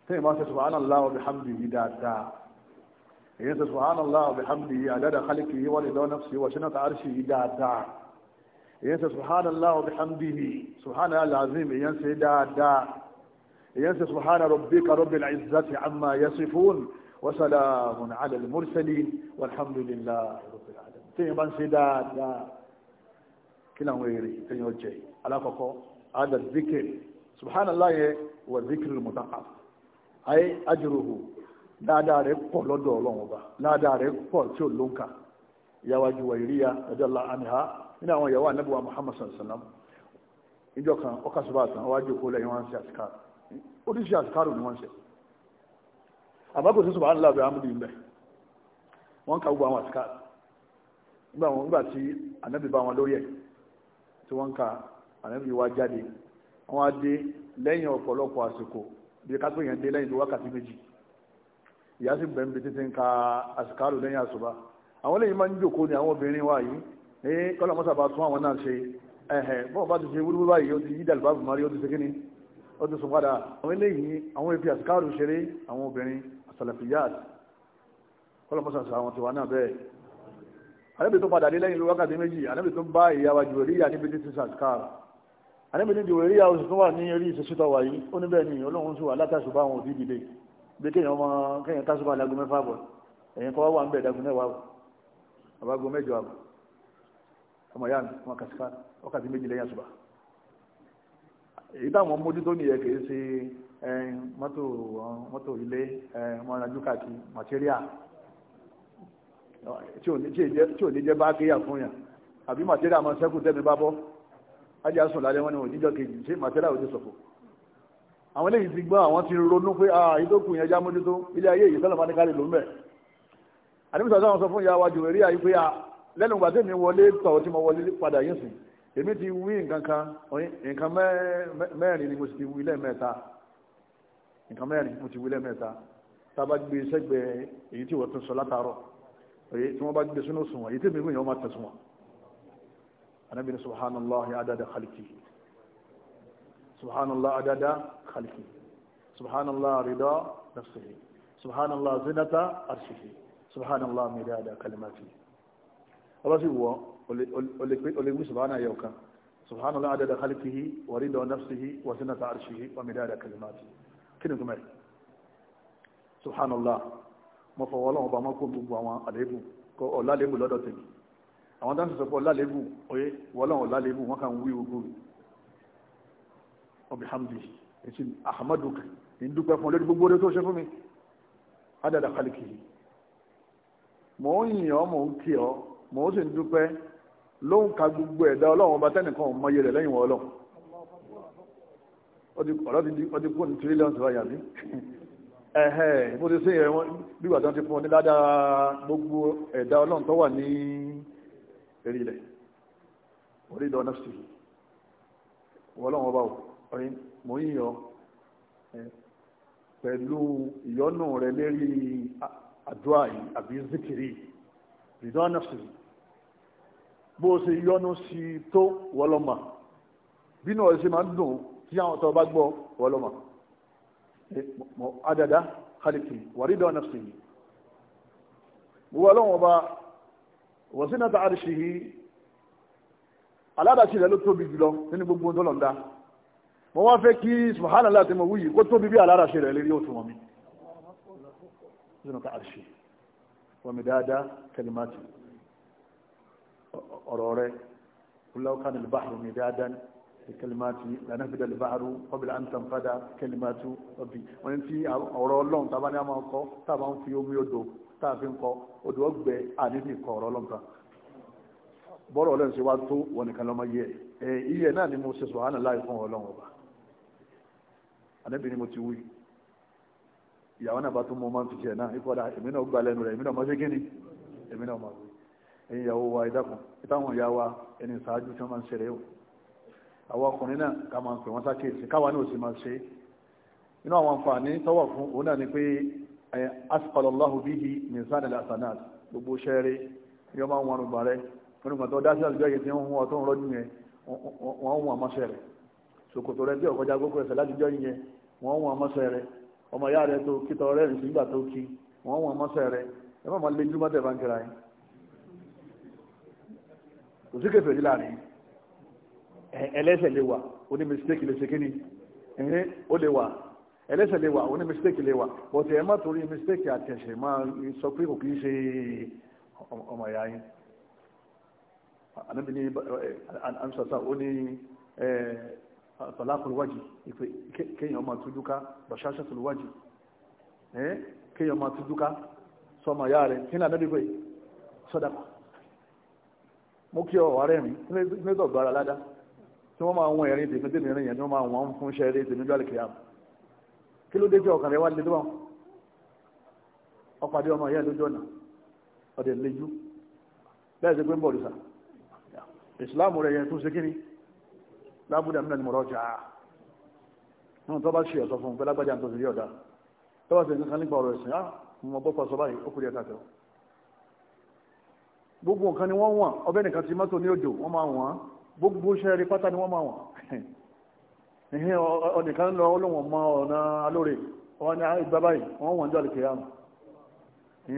tẹ́yìn bá ṣe subhanallah wa bihamdihi dáadáa إن سبحان الله بحمده عدد خلقه ولد نفسه وسنة عرشه دادا إن سبحان الله بحمده سبحان العظيم إن سدادا إن سبحان ربك رب العزة عما يصفون وسلام على المرسلين والحمد لله رب العالمين تيبان سدادا كلا ويري تيبان جاي على فقو هذا الذكر سبحان الله هو الذكر المتقف أي أجره dáadáa rẹ̀ pọ̀ lọ́dọ̀ ọlọ́run ọba dáadáa rẹ̀ pọ̀ tí ò ló ń kà ìyàwó ajuwa ìríya ẹ̀dọ́là àníhá nínú àwọn ìyàwó anábíwá muhammad sallam ìjọ kan ọkà sọba àtàn wájú òkú wọn ṣe àsìkárò ni wọ́n ṣe àbákò tó sọba ńlá ọbẹ̀ amúdí mbẹ wọ́n ka gbogbo àwọn àsìkárò nígbà wọn nígbà tí anábì bá wọn lórí tí anábì wá jáde á dé ìyá sì bẹ̀ ń bi títí ń ka àsìkárò lẹ́yìn àṣùbà àwọn lẹ́yìn máa ń jòkó ni àwọn obìnrin wa yìí ní kọ́lá mọ́sà bá tún àwọn náà ṣe ẹ̀hẹ̀ bọ́ọ̀ bá ti ṣe wúlúwú báyìí ó ti yí dàlùbá bù mọ́rí ó ti ṣe kíni ó ti sùn padà àwọn eléyìí àwọn efi àsìkárò ṣeré àwọn obìnrin àsàlàfíyàt kọ́lá mọ́sà sọ àwọn tiwa náà bẹ́ẹ̀ ànábì tó padà dé lẹ́yìn ló wákàtí méjì ànábì tó bá ìyá wa jùwèríyà níbi tí sàkàrà ànábì ní jùwèríyà oṣù tó wà ní eré ìṣesútọ̀ wà ó ní bẹ́ẹ̀ ni ọlọ́run sì wà látàṣù bá àwọn òbí dìde bí kéèyàn ọmọ kéèyàn tásùbà lágùn mẹ́fà àbọ̀ ẹ̀yìn kọ́ wà ń bẹ̀ dágùn mẹ́wàá àbọ̀ àbágo mẹ́jọ àbọ̀ ọmọ yá mi wọn kàṣíká wákàtí méjì lẹ́yìn àṣùbà èyí táwọn mójútó nìyẹn kìí ṣe mọ́tò mọ́tò ilé mọ́rajú káàkiri màtíríà tí ò ní jẹ́ bá kéyà fún yàn àbí màtíríà máa ṣẹ́kù tẹ́mi bá bọ́ ájá sùn lálẹ́ wọn ni òjíjọ́ kejì ṣé màtíríà ò ti sọ̀fọ̀ àwọn eléyìí ti gbọ́n àwọn ti ronú pé ah ìdókùn yẹn já mójútó ilé ayé yìí sọ́lọ́mà ní kálí ló ń bẹ̀. àdébísọ̀ sọ́wọ́n sọ fún ìyá wa jùwé rí àyí pé ah, lẹ́nu ìgbà tèmi wọlé tọ̀ tí mo wọlé padà yín sìn èmi ti wí nǹkan kan nǹkan mẹ́rin ni mo ti wí lẹ́ẹ̀mẹ́ta nǹkan mẹ́rin mo ti wí lẹ́ẹ̀mẹ́ta tá a bá gbé sẹ́gbẹ̀ẹ́ èyí tí wọ́n tún sọ látàárọ̀ èyí tí wọ́n bá gbé sínú sùn èyí tí mi wíyàn máa tẹ̀sùn wọn. anábìrin subhanallah adada khaliki subhanallah adada خلقه سبحان الله رضا نفسه سبحان الله زنة عرشه سبحان الله مداد كلماته ọba sì wọ olèwí subhana yau kan subhana Allah adada khalqihi wa rida nafsihi wa sinata arshihi wa midada kalimati kini kuma yi subhana Allah mo fọwọ́ lọ́wọ́ ba mako gbogbo àwọn àlébù kọ ọ̀la lébù lọ́dọ̀ tèmi àwọn dáńtì sọ pé ọ̀la lébù oye wọ́lọ́wọ́ ọ̀la lébù wọ́n kàn wí ogun ọ̀bí hamdihi èsì ahmadu ń dúpẹ́ fún lórí gbogbo tó ṣe fún mi adada kálíkì mò ń yìn ọ́ mò ń kí ọ́ mò ń sì ń dúpẹ́ ló ń ka gbogbo ẹ̀dá ọlọ́run ọba tẹ́nìkan ò mọyé rẹ̀ lẹ́yìn ọlọ́run ọ̀rọ̀ ti kún ní tírílíọ̀nù tó wáyà bí ẹ̀hẹ́ bó ti sí ẹ̀wọ̀n bí wà tán ti fún ọ ní ládàá gbogbo ẹ̀dá ọlọ́run tó wà ní eré orí ìdọ̀ náà sì wọ́n ọlọ́run ọba ò ọ̀rẹ́ mò ń yọ pẹ̀lú ìyọ́nù rẹ lérí àdúrà yìí àbí zikiri rìdánàfì bó o ṣe yọ́nù sí tó wọlọ́mà bínú ọ̀rẹ́ ṣe máa ń dùn tí àwọn tó bá gbọ́ wọlọ́mà adada khaliki wàrídọ̀ nàfì wọ́n lọ́wọ́ bá wọ́sínà tá àríṣì yìí aládàṣì rẹ̀ ló tóbi jùlọ nínú gbogbo ọdọ́lọ́ndá mo wá fẹ́ kí subhanallah tí mo wúyì kó tóbi bí alára ṣe rẹ̀ lérí òtún wọn mi zinu ka arṣe wọn mi dáadáa kalimati ọ̀rọ̀ rẹ̀ kúláwó kan albaharu mi dáadáa ní kalimati lànà fi dalbaharu ọbìlà an tàn fada kalimatu ọbì wọn ti ọ̀rọ̀ ọlọ́run tàbá ní a máa kọ́ tàbá ń fi omi odò tàbí ń bọ́rọ̀ ọlọ́run ṣe wá tó wọn nìkan lọ́mọ yẹ ẹ iye náà ni mo ṣe subhanallah fún ọlọ́run ọba ànábì na mo ti wí ìyàwó náà bá tún mọ máa ń tutù ẹ̀ náà ìfọdà èmi náà gbà lẹ́nu rẹ̀ èmi náà mọ sí kíni èmi náà mọ wí ẹ̀yin ìyàwó wa ìdákun ìtàwọn ìyá wa ẹni ìsáájú tí wọ́n máa ń ṣẹlẹ̀ o àwọn ọkùnrin náà ká máa ń pè wọ́n sákèèsì káwa náà sì máa ṣe inú àwọn àǹfààní tọ́wọ̀ fún òun náà ni pé bihi mizan al-hasanat gbogbo ṣẹ́ẹ̀rẹ́ yọ máa ń wọn rùgbà ṣòkòtò rẹ bí ọ̀kọ́jà gbókò ẹsẹ̀ ládùjọ́ yẹn wọ́n wọn ọmọọṣẹ́ rẹ ọmọ ìyá rẹ tó kítọ rẹ rìn sígbà tó kí wọ́n wọn ọmọọṣẹ́ rẹ ẹ má máa lejú mọ́tẹ̀ bá ń kíra yín kò sí kẹfẹ́ rí láàrin ẹlẹ́sẹ̀ lè wà ó ní mistake lè ṣe kíni ẹ̀hìn ó lè wà ẹlẹ́sẹ̀ lè wà ó ní mistake lè wà but ẹ má torí mistake àtẹ̀sẹ̀ máa sọ pé kò kí ń ṣe ọmọ ìyá yín anábìíní ansa sa ó ní ẹ̀ẹ́ tọ́lákùlùwájì kéèyàn máa tújú ká bàṣáṣẹ́tùlùwájì kéèyàn máa tújú ká sọmọ ìyá rẹ̀ kí ní ànábì pé sọ́dàpọ̀ mú kí ọ̀wà rẹ̀ rìn nígbà gbára ládá tí wọ́n máa wọn ẹ̀rin tèmi tèmi rìn yẹn ni wọ́n máa wọn fún iṣẹ́ eré tèmi lọ́lẹ̀ kìíyàmù kí ló dé tí ọkàn rẹ̀ wá lé dúwọ̀n ọpàdé ọmọ ìyá lójú ọ̀nà ọ̀dẹ̀ lẹ́jú bẹ́ẹ̀ sí pé ń bọ̀ ìsìlámù rẹ̀ yẹn tún ṣe kíni lábúdà mílẹ̀ ni mọ̀rọ̀ jà á wọn tó bá ṣe ọ̀sọ̀ fún un pé lágbájá tó ṣe yọ̀ tó bá ṣe nǹkan nípa ọ̀rọ̀ ah, báyìí gbogbo nǹkan ni wọ́n ọbẹ̀ nìkan ti mọ́tò ní òjò wọ́n máa gbogbo iṣẹ́ rí pátá ni wọ́n máa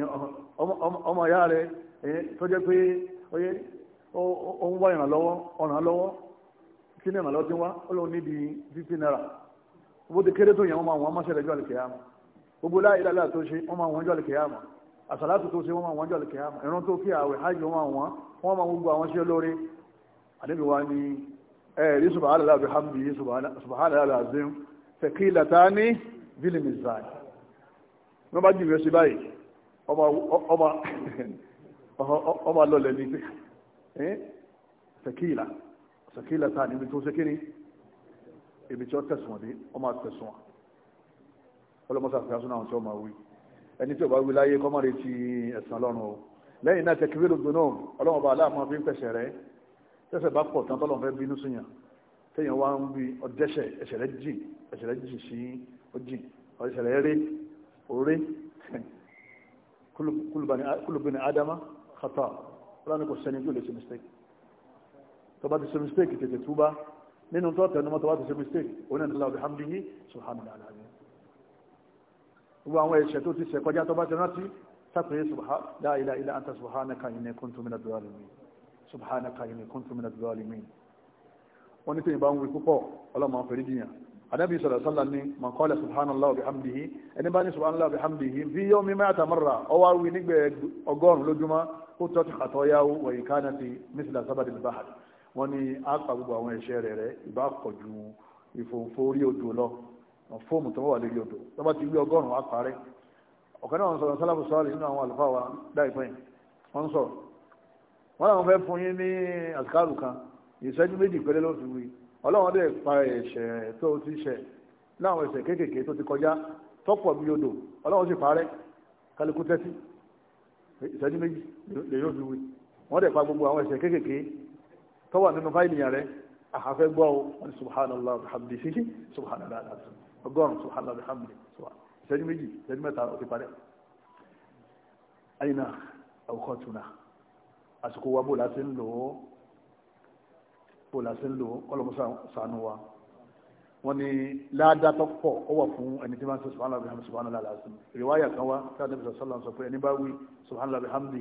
ah, wọ́n ọmọ ìyá rẹ̀ tó jẹ́ pé ó ń wá ìrànlọ́wọ́ ọ̀ràn lọ́wọ́ kí ní ìrànlọ́wọ́ tí wá ọlọ́run níbi fifty naira owó ti kéré tó yẹn wọ́n máa wọ́n máa ṣẹlẹ̀ jọ àlùkìyàmọ̀ gbogbo láyé lálẹ́ tó ṣe wọ́n máa wọ́n jọ àlùkìyàmọ̀ àsàlátù tó ṣe wọ́n máa wọ́n jọ àlùkìyàmọ̀ ìran tó kí àwẹ̀ hajj wọ́n máa wọ́n wọ́n máa gbogbo àwọn ṣe lórí àdébí wa ni ẹ̀ẹ́dì subhanallah bihamdi subhanallah alazim thaqilatani bil mizan wọ́n bá jìbìrì sí báyìí ọba lọlẹ̀ ní tẹ̀kílà sàkílà ta níbi tó sékéré ibi tí ó tẹ̀sùn dé ó máa tẹ̀sùn wa ọlọ́mọsá fi asúnà àwọn tí ó máa wí ẹni tí ó bá wí láyé kọ́ máa retí ẹ̀sán lọ́rùn o lẹ́yìn náà tẹ̀kí fílò gbóná ọlọ́mọba aláàmọ́ fi ń pẹ̀sẹ̀ rẹ tẹ̀sẹ̀ bá pọ̀ tán tọ́lọ́ fẹ́ bínú sí yàn téèyàn wá ń bi ọdẹ́sẹ̀ ẹ̀sẹ̀ rẹ jìn ẹ̀sẹ̀ rẹ jìn sí ọjìn ẹ̀sẹ̀ rẹ rí orí kulubani adama kata ọlọ́ni kò sẹ́ni tó lè ṣe mistake tó bá ti ṣe mistake tètè túbá nínú tó tẹnumọ́ tó bá ti ṣe mistake oní ẹ̀dínlá ọ̀bí hamdihi subhanahu ala ni gbogbo àwọn ẹ̀ṣẹ̀ tó ti ṣe kọjá tó bá ti rántí sápẹ̀yẹ la ilaha illa anta subhanaka inni kuntu minadh dhalimin subhanaka inni kuntu minadh dhalimin wọ́n ní tí ìbá ń wí púpọ̀ ọlọ́mọ àfẹ́rí dìyàn anábì sọ̀rọ̀ sọ́lá ní mọ̀kọ́lẹ̀ subhanallah wa bihamdihi ẹni bá ní subhanallah wa bihamdihi fi yawmi mi'ata marra ọwá wí nígbẹ̀ ọgọ́rùn lójúmọ́ ó tọ́ ti kàtọ́ yáwó wọ̀nyí ti mísìlá sábàdì báhàdì wọ́n ní àpà gbogbo àwọn ẹ̀ṣẹ̀ rẹ̀ rẹ̀ ìbá pọ̀ ju ìfòǹfò orí odò lọ fóòmù tó wà lórí odò tó bá ti gbé ọgọ́rùn-ún àpárẹ́ ọ̀kan náà sọ̀rọ̀ sálàfù sọ́ọ̀lì nínú àwọn àlùfáà wa dáìpẹ́ wọ́n sọ̀rọ̀ wọ́n làwọn fẹ́ fún yín ní àsìkáàlù kan ìṣẹ́jú méjì péré ló fi wí ọlọ́run dẹ̀ pa ẹ̀ṣẹ̀ tó ti ṣẹ̀ láwọn ẹ̀ṣẹ̀ kéékèèké tó ti kọjá tọ́pọ̀ bí odò ọlọ́run sì parẹ́ kálukú tẹ́tí ìṣẹ́jú méjì lè yóò fi wí wọ́n dẹ̀ pa gbogbo àwọn ẹ̀ṣẹ̀ kéékèèké tó wà nínú fáìlì yàrá àhàfẹ́ gbọ́ ọ wọn ni subhanallah alhamdi hihi subhanallah alhamdi ọgọ́rùn subhanallah alhamdi ìṣẹ́jú méjì ìṣẹ́jú mẹ́ta ó ti parẹ́ àyìnà àwòkọ́ tuna àsìkò wa bó láti ń lò ó bó láti ń lò ó kọ́lọ́mọ́sá sànú wa wọ́n ní ládàtọ̀ pọ̀ ó wà fún ẹni tí wọ́n sọ subhanallah alhamdi subhanallah alhamdi riwaya kan wa tí a nẹ́bí sọ pé ẹni bá wí subhanallah alhamdi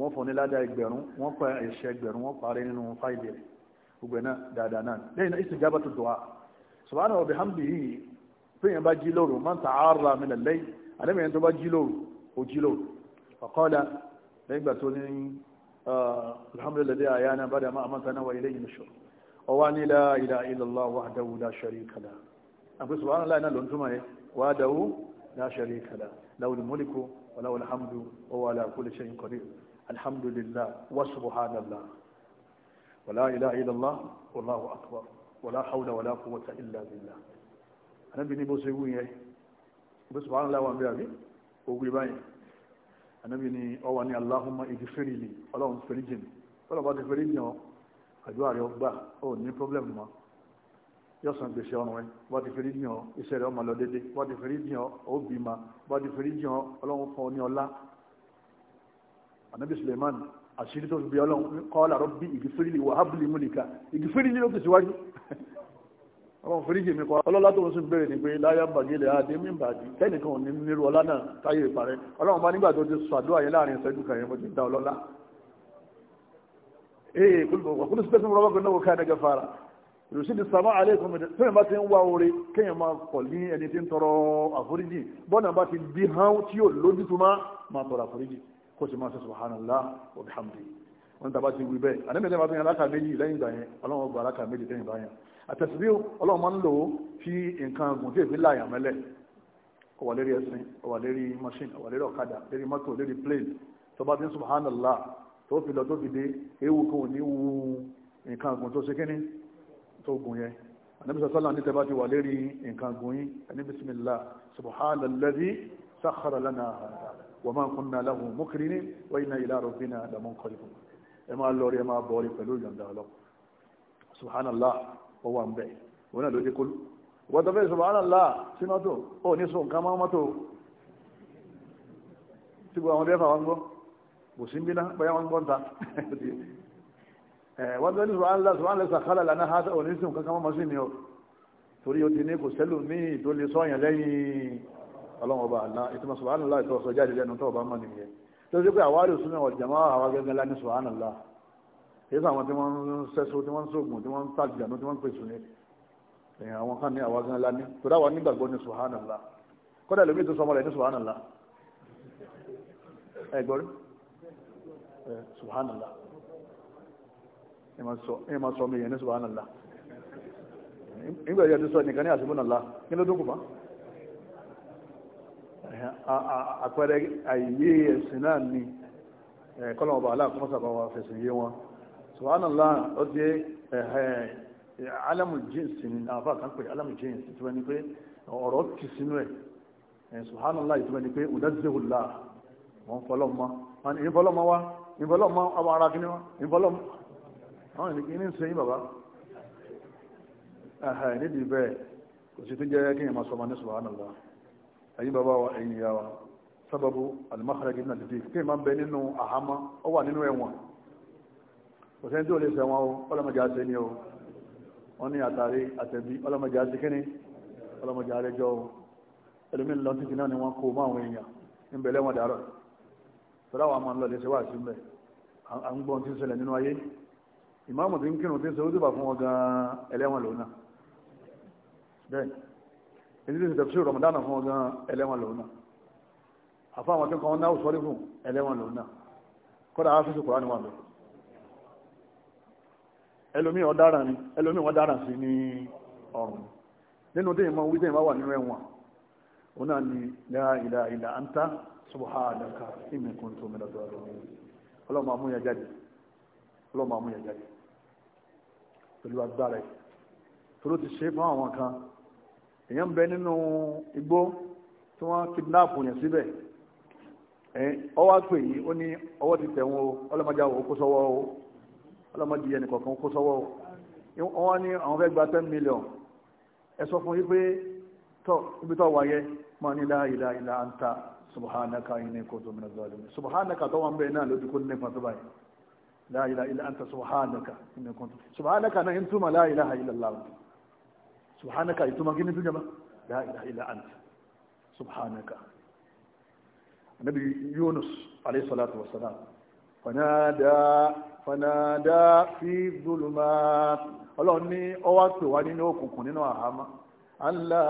wọ́n fún ní ládà ẹgbẹ̀rún wọ́n pa ẹ̀ṣẹ̀ ẹgbẹ̀rún wọ́n parí nínú fáìlì rẹ̀ gbogbo ẹ̀ náà dáadáa náà lẹ́yìn náà ìsìnjábà tó dùn á subhanahu wa bihamdihi péyàn bá jí lóru man ta'arra min al-layl àdébìyàn tó bá jí lóru ó jí lóru faqala lẹ́yìn gbà tó ní ah, alhamdulillahi ahyana ba'da ma amatana wa ilayhi nushur ọwá ní la alhamdulillah wa subhanallah wàlá ilaha illallah wallahu akbar wàlá hawla wàlá quwwata illa billah anábì ní bó ṣe wú yẹn bó subhanallah wà ń bẹ́ẹ̀ àbí ogun ìbáyẹn anábì ní ọwà ní allahumma ighfirli ni ọlọ́run fèrèjì ni ọlọ́run bá ti fèrèjì wọn àdúrà rẹ̀ gbà ó ní pọ́blẹ́mù mọ́ yóò san gbèsè ọrùn rẹ wọ́n ti fèrèjì wọn iṣẹ́ rẹ̀ ọmọ lọ déédéé wọ́n ti fèrèjì wọn ó bímọ wọ́n ti fèrèjì wọn ọlọ́run fún ọ ní ọlá anabi suleiman àṣírí tó fi bí ọlọ́run kọ́lá rọ́bí ìgìfìrìlì wàhábìlì múlìkà ìgìfìrìlì ló fi síwájú ọlọ́run foríjì mi kọ́ ọlọ́lá tó ń sún bẹ̀rẹ̀ ni pé láyà bàgẹ́lẹ̀ àdé mí bàdí tẹ́nìkan ò ní nírú ọlá náà táyé ìparẹ́ ọlọ́run bá nígbà tó ti sọ àdúrà yẹn láàrin ìṣẹ́jú kan yẹn mo ti da ọlọ́lá ee kúlù sí pẹ́sìn rọ́bọ́gbọ́n náà wò ká ẹ̀dẹ́gẹ́ fara ìrùsí ti sàmà àlékún mi fẹ́yìn bá ti ń wá oore kéèyàn máa pọ̀ ní ẹni tí ń tọrọ àforíjì bọ́nà bá ti bí hán tí yóò lójútùmá máa tọrọ àforíjì kó sì máa ṣe subhanallah wa bihamdi wọn tàbá ti wí bẹ́ẹ̀ àdébẹ̀tẹ̀ bá tún yàn aláka méjì lẹ́yìn ìgbà yẹn ọlọ́run ọgbà aláka méjì lẹ́yìn ìgbà yẹn àtẹ̀síbí ọlọ́run máa ń lò ó fi nǹkan gùn tí èfi láàyàn mẹ́lẹ̀ ó wà lérí ẹṣin ó wà lérí machine ó wà lérí ọ̀kadà lérí mọ́tò lérí plane tó bá ti ń subhanallah tó fi lọ tó fi dé ewu kò ní wu nǹkan gùn tó ṣe kíní tó gùn yẹn ànábi sọ́sọ́lá ní tẹ́bá ti wà lérí nǹkan gùn yín ànábi bismillah subhanalladhi sakhkhara lana wa ma kunna lahu mukrinin wa inna ila rabbina lamunqalibun ẹ máa lọ rí ẹ máa bọ̀ rí pẹ̀lú ìyọ̀ǹda ọlọ́ subhanallah ó wà ń bẹ̀ òun náà ló dé kólú wọ́n tó fẹ́ subhanallah ó ní sùn kan máa mọ́tò tí gbogbo àwọn dẹ́fà wọn gbọ́ kò sí ń bínà bóyá wọn gbọ́ ta wọ́n tó ní subhanallah subhanallah sàkálà ha ó ní sùn kankan máa mọ́ sí ni o torí o ti ní kò sẹ́lù míì lẹ́yìn ọlọ́run ọba àlá ìtumọ̀ subhana allah ìtọ́ sọ jáde lẹ́nu tó ọba mọ̀ nìyẹn tó ṣe pé àwárí òsùn náà ọ̀jàmọ́ àwa gẹ́gẹ́ lá ní subhana allah èyí sàwọn tí wọ́n ń sẹ́so tí wọ́n ń sógun tí wọ́n ń tàjànú tí wọ́n ń pèsè ní èyàn àwọn kan ní àwa gẹ́gẹ́ lá ní tó dáwà nígbàgbọ́ ní subhana allah kódà lómi tó sọmọ rẹ̀ ní subhana allah ẹ gbọ́rí subhana allah ẹ máa sọ mi yẹn ní subhana allah nígbà yẹn ti sọ nìkan ní àṣìbùn allah kí ló dókùn fún àpẹẹrẹ àìyé ẹ̀sìn náà ni ọba ala fẹ̀sìn yé wọn subhanallah ó ti alamu ni àbá kan pè alamu tí wọ́n ni pé ọ̀rọ̀ ti sínú ẹ̀ subhanallah tí wọ́n ni pé ọ̀dọ́dẹ́wòlá wọ́n fọlọ́mọ́ wọ́n ni ìfọlọ́mọ́ wá àwọn ará ń sẹ́yìn bàbá kò sí tó jẹ́ kí máa sọ ẹ̀yin bàbá wa ẹ̀yin ìyá wa sábàbù alimakarajì náà dìde kí n máa bẹ nínú àhámọ́ ọ wà nínú ẹ̀wọ̀n kò sẹ́ni tí ò lè sẹ́wọ̀n o ọlọ́mọdé àṣẹ ni o wọ́n ní àtàrí àtẹ̀bí ọlọ́mọdé àṣẹ kíní ọlọ́mọdé àrẹjọ́ o ẹlòmí lọ títí náà ni wọ́n kó mọ́ àwọn èèyàn ń bẹ̀lẹ́ wọn dàrọ̀ tọ́lá wa máa ń lọ lè ṣe wá sí mbẹ̀ à ń gbọ́n tí ń ṣẹlẹ̀ nínú ayé ìmáàmù tí ń kírun tí ń ṣe ó dìbà fún wọn gan ẹlẹ́wọ̀n lòun náà èyí ti tẹ̀sí rọ̀mọ̀dánà fún ọgán ẹlẹ́wọ̀n lòun náà àfa àwọn akẹ́kọ̀ọ́ náà sọ́rí fún ẹlẹ́wọ̀n lòun náà kọ́dà á fíṣù kùránì wà lọ ẹlòmí ọ̀daràn ni ẹlòmí wọn dáràn sí ní ọ̀run nínú tí ìmọ̀ wíjẹ́ ìmọ̀ wà nínú ẹ̀wọ̀n òun náà ni la ilaha illa anta subhanaka inni kuntu minadh dhalimin ọlọ́mọ amúyẹ jáde ọlọ́mọ amúyẹ jáde pẹ̀lú agbára ẹ̀ tó ló ti ṣe fún àwọn kan èèyàn ń bẹ nínú igbó tí wọ́n kidnap yẹn síbẹ̀ ọwọ́ àpè yìí ó ní ọwọ́ ti tẹ̀ wọn o ọlọ́mọdé àwọn kó sọ́wọ́ o ọlọ́mọdé yẹn nìkọ̀ọ̀kan kó sọ́wọ́ o wọ́n ní àwọn fẹ́ gba ten million ẹ sọ fún yí pé tọ́ ibi tó wáyé máa ní la ilaha illa anta subhanaka inni kuntu minaz zalimin subhanaka tó wọn bẹ́ẹ̀ náà lójú kó nípa tó báyìí la ilaha illa anta subhanaka inni kuntu subhanaka náà ń túmọ̀ la ilaha illa subhanaka ìtumọ̀ kí ní tún jẹba la ilaha illa anta subhanaka nabi yunus alayhi salatu wa salam fanada fanada fi zulumat ọlọ́run ní ọwá pè wá nínú òkùnkùn nínú àhámá alla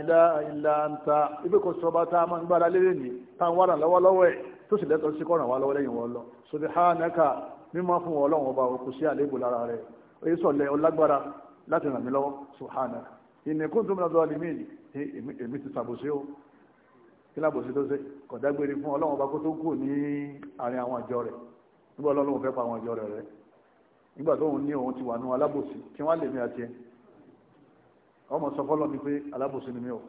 ilaha illa anta ibi kò sọ bá tá a máa ń gbára lérè ní tá a ń wára lọ́wọ́lọ́wọ́ ẹ̀ tó sì lẹ́tọ̀ọ́ sí kọ́ràn wá wọn lọ subhanaka mímọ́ fún ọlọ́run ọba òkú sí àlébù lára rẹ̀ oyè sọ̀lẹ̀ ọlágbára láti ràn mí lọ́wọ́ subhana ìnìkún tó múná lọ́wọ́ lèmi èmi ti sàbòsí o kí lábòsí tó ṣe kọ̀dágbére fún ọlọ́run ọba kó tó kù ní àárín àwọn àjọ rẹ̀ nígbà ọlọ́run fẹ́ pa àwọn àjọ rẹ̀ rẹ̀ nígbà tóun ní òun ti wà nú alábòsí kí wọ́n lèmi àti ẹ̀ ọmọ sọ fọ́lọ́ mi pé alábòsí ni mí o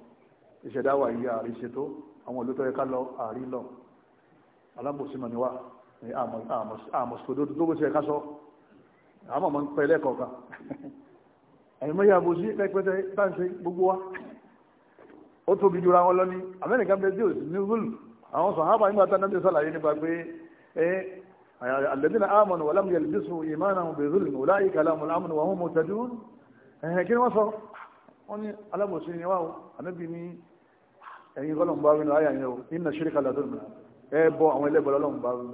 ìṣẹ̀dá wa yìí àríṣètò àwọn ìlú tó lọ àárí lọ alábòsí mọ̀ níwá àmọ̀sọ̀dọ́dọ́ tó bó ṣe ká sọ àmọ̀ mọ̀ ń pẹ́ lẹ́kọ̀ọ̀kan ẹ̀yìn mẹ́yà bó sí pẹ́pẹ́tẹ́ táǹṣe gbogbo wa ó tóbi jura wọn lọ ní amẹ́ríkà bẹ́ẹ̀ díò ní rúlù àwọn sàhábà nígbà tá nàbẹ́ sàlàyé nípa pé ẹ alladhina amanu wa lam yalbisu imanahum bi dhulmin ulaika lahumul amnu wa hum muhtadun ẹ̀hẹ̀ kí wọ́n sọ wọ́n ní alábòsí ni wá o ànábì ní ẹ̀yin kọ́lọ̀ ń bá wínú ayà yẹn o inna shirka la dhulm ẹ bọ àwọn ẹlẹ́bọ̀ lọ́lọ́run bá wínú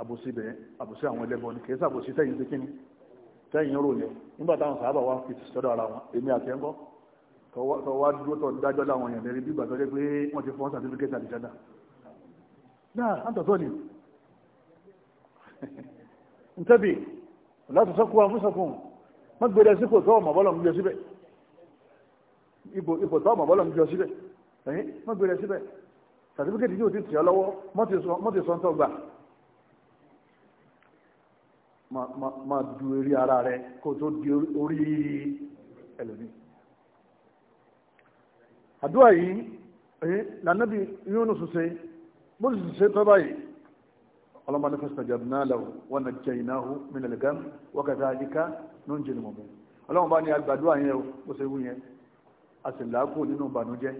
àbòsí bẹ̀ẹ́ àbòsí àwọn ẹlẹ́bọ̀ ni kì sàbòsí tẹ̀yìn sí kíni tẹ̀yìn rò yẹn nígbà táwọn sábà wá fi sọ́dọ̀ ara wọn èmi àti ẹ̀ńkọ́ tó wá dúró tó dájọ́ láwọn èèyàn lérí bígbà tó jẹ́ pé wọ́n ti fọ́n sàtífíkẹ́tì àdìjọ́dà náà á tọ̀tọ̀ ni ntẹ́bi láti sọ́kù wa fúnṣọ́kùn wọ́n gbé lẹ́sí kò tọ́ ọmọ bọ́lọ̀ ń gbé síbẹ̀ ipò tọ́ ọmọ bọ́lọ̀ ń gbé síbẹ̀ ẹ̀yìn wọ́n gbé lẹ́síbẹ̀ sàtífíkẹ́tì yóò ti tì ọ lọ́wọ́ mọ́tì sọ́ńtọ́ gbà máa du eré ara rẹ kó tó di orí ẹlòmíì àdúrà yìí ẹ̀yìn eh, lànàbí Yunus ṣe bóyá sì ṣe tọ́ba yìí ọlọ́mọdé fastajabna lahu wa najjaynahu min al-gham wa kadhalika nunjil mu'minin ọlọ́run bá ní agbàdúrà yẹn o bó ṣe wú yẹn a sì làákò nínú ìbànújẹ́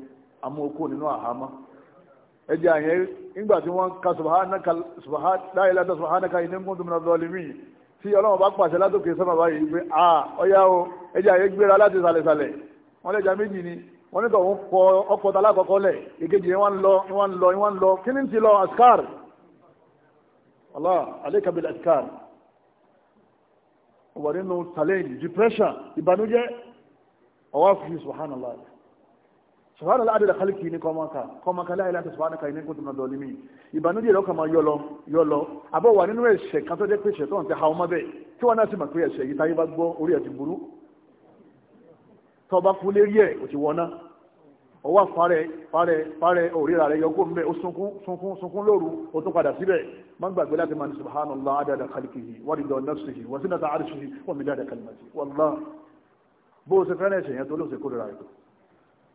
amókò nínú àhámọ́ ẹjẹ àyẹn nígbà tí wọ́n ka subhanaka subhanaka ilẹ̀ subhanaka ilẹ̀ ń kún tó mìíràn tí ọlọ́run bá pàṣẹ látòkè sọ́mà báyìí pé à ọ̀yá o ẹja ayé gbéra láti sàlẹ̀sàlẹ̀ wọ́n lẹ́ja méjì ni wọ́n ní tọ̀hún fọ ọkọ̀ tá alákọ̀ọ́kọ́ lẹ̀ èkejì ni wọ́n ń lọ ni wọ́n ń lọ ni wọ́n ń lọ kí ni ti lọ askar Allah alayka askar wà nínú challenge depression ìbànújẹ́ ọwọ́ fi subhanallah subhanahu al'adu da halki ni kọmọka kọmọka láìlá ti subhanahu ka ní kò tún lọ límì ìbànújẹ́ ìlọ́kà máa yọlọ yọlọ àbọ̀ wà nínú ẹ̀ṣẹ̀ kan tó jẹ́ pé ṣẹ̀ tó ń ti ha ọmọ bẹ́ẹ̀ tí wọ́n náà sì mọ̀ pé ẹ̀ṣẹ̀ yìí táyé bá gbọ́ orí ẹ̀ ti burú tọba kú lérí ẹ̀ ò ti wọná ọwọ́ fàárẹ̀ fàárẹ̀ fàárẹ̀ òríra rẹ̀ yọkó mbẹ́ ó sunkún sunkún sunkún lóru ó tún padà síbẹ̀ má gbàgbé láti máa ní subhanallah adada khalqihi wa ridọ nafsihi wa sinata arshihi wa midada kalimati wallah bó o ṣe fẹ́ràn ẹ̀ṣẹ̀ yẹn tó ló ṣe kórìíra rẹ̀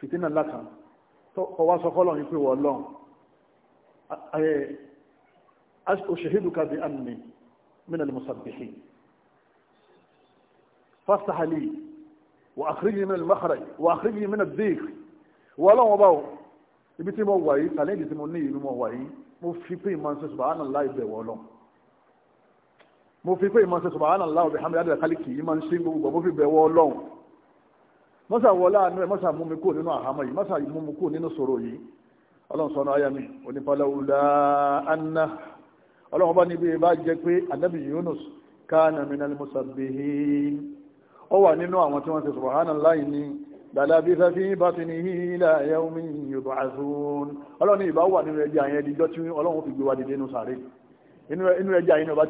fìtínà ńlá kan kọ wá sọ fọ́lọ̀ yìí pé wọ́n lọ́n أشهدك بأني من المسبحين فافتح لي وأخرجني من المخرج وأخرجني من الضيق ولو وباو ibi tí mo wà yìí tàlẹ́ǹtì tí mo ní ìlú mo wà yìí mo fi pé ìmọ̀ ṣe subahana ńlá ìbẹ̀ wọ̀ lọ mo fi pé ìmọ̀ ṣe subahana ńlá ọ̀bẹ̀ bẹ̀ wọ̀ lọ́hùn mọ́sà wọlé àánú ẹ̀ mọ́sà mú mi kó nínú àhámọ́ yìí mọ́sà mú mi kó nínú sọ̀rọ̀ yìí ọlọ́run sọ̀nà ayá mi onífàlàwùlà anna ọlọ́run bá níbi bá jẹ́ pé anabi Yunus kana minal musabbihin ó wà nínú àwọn tí wọ́n ti subhanallahi ní dàdàbí fẹ́fí batinihi ila yawmi yub'athun ọlọ́run ìbá wà nínú ẹjẹ́ àyẹn ìdíjọ́ tí ọlọ́run fi gbé wa dìde nínú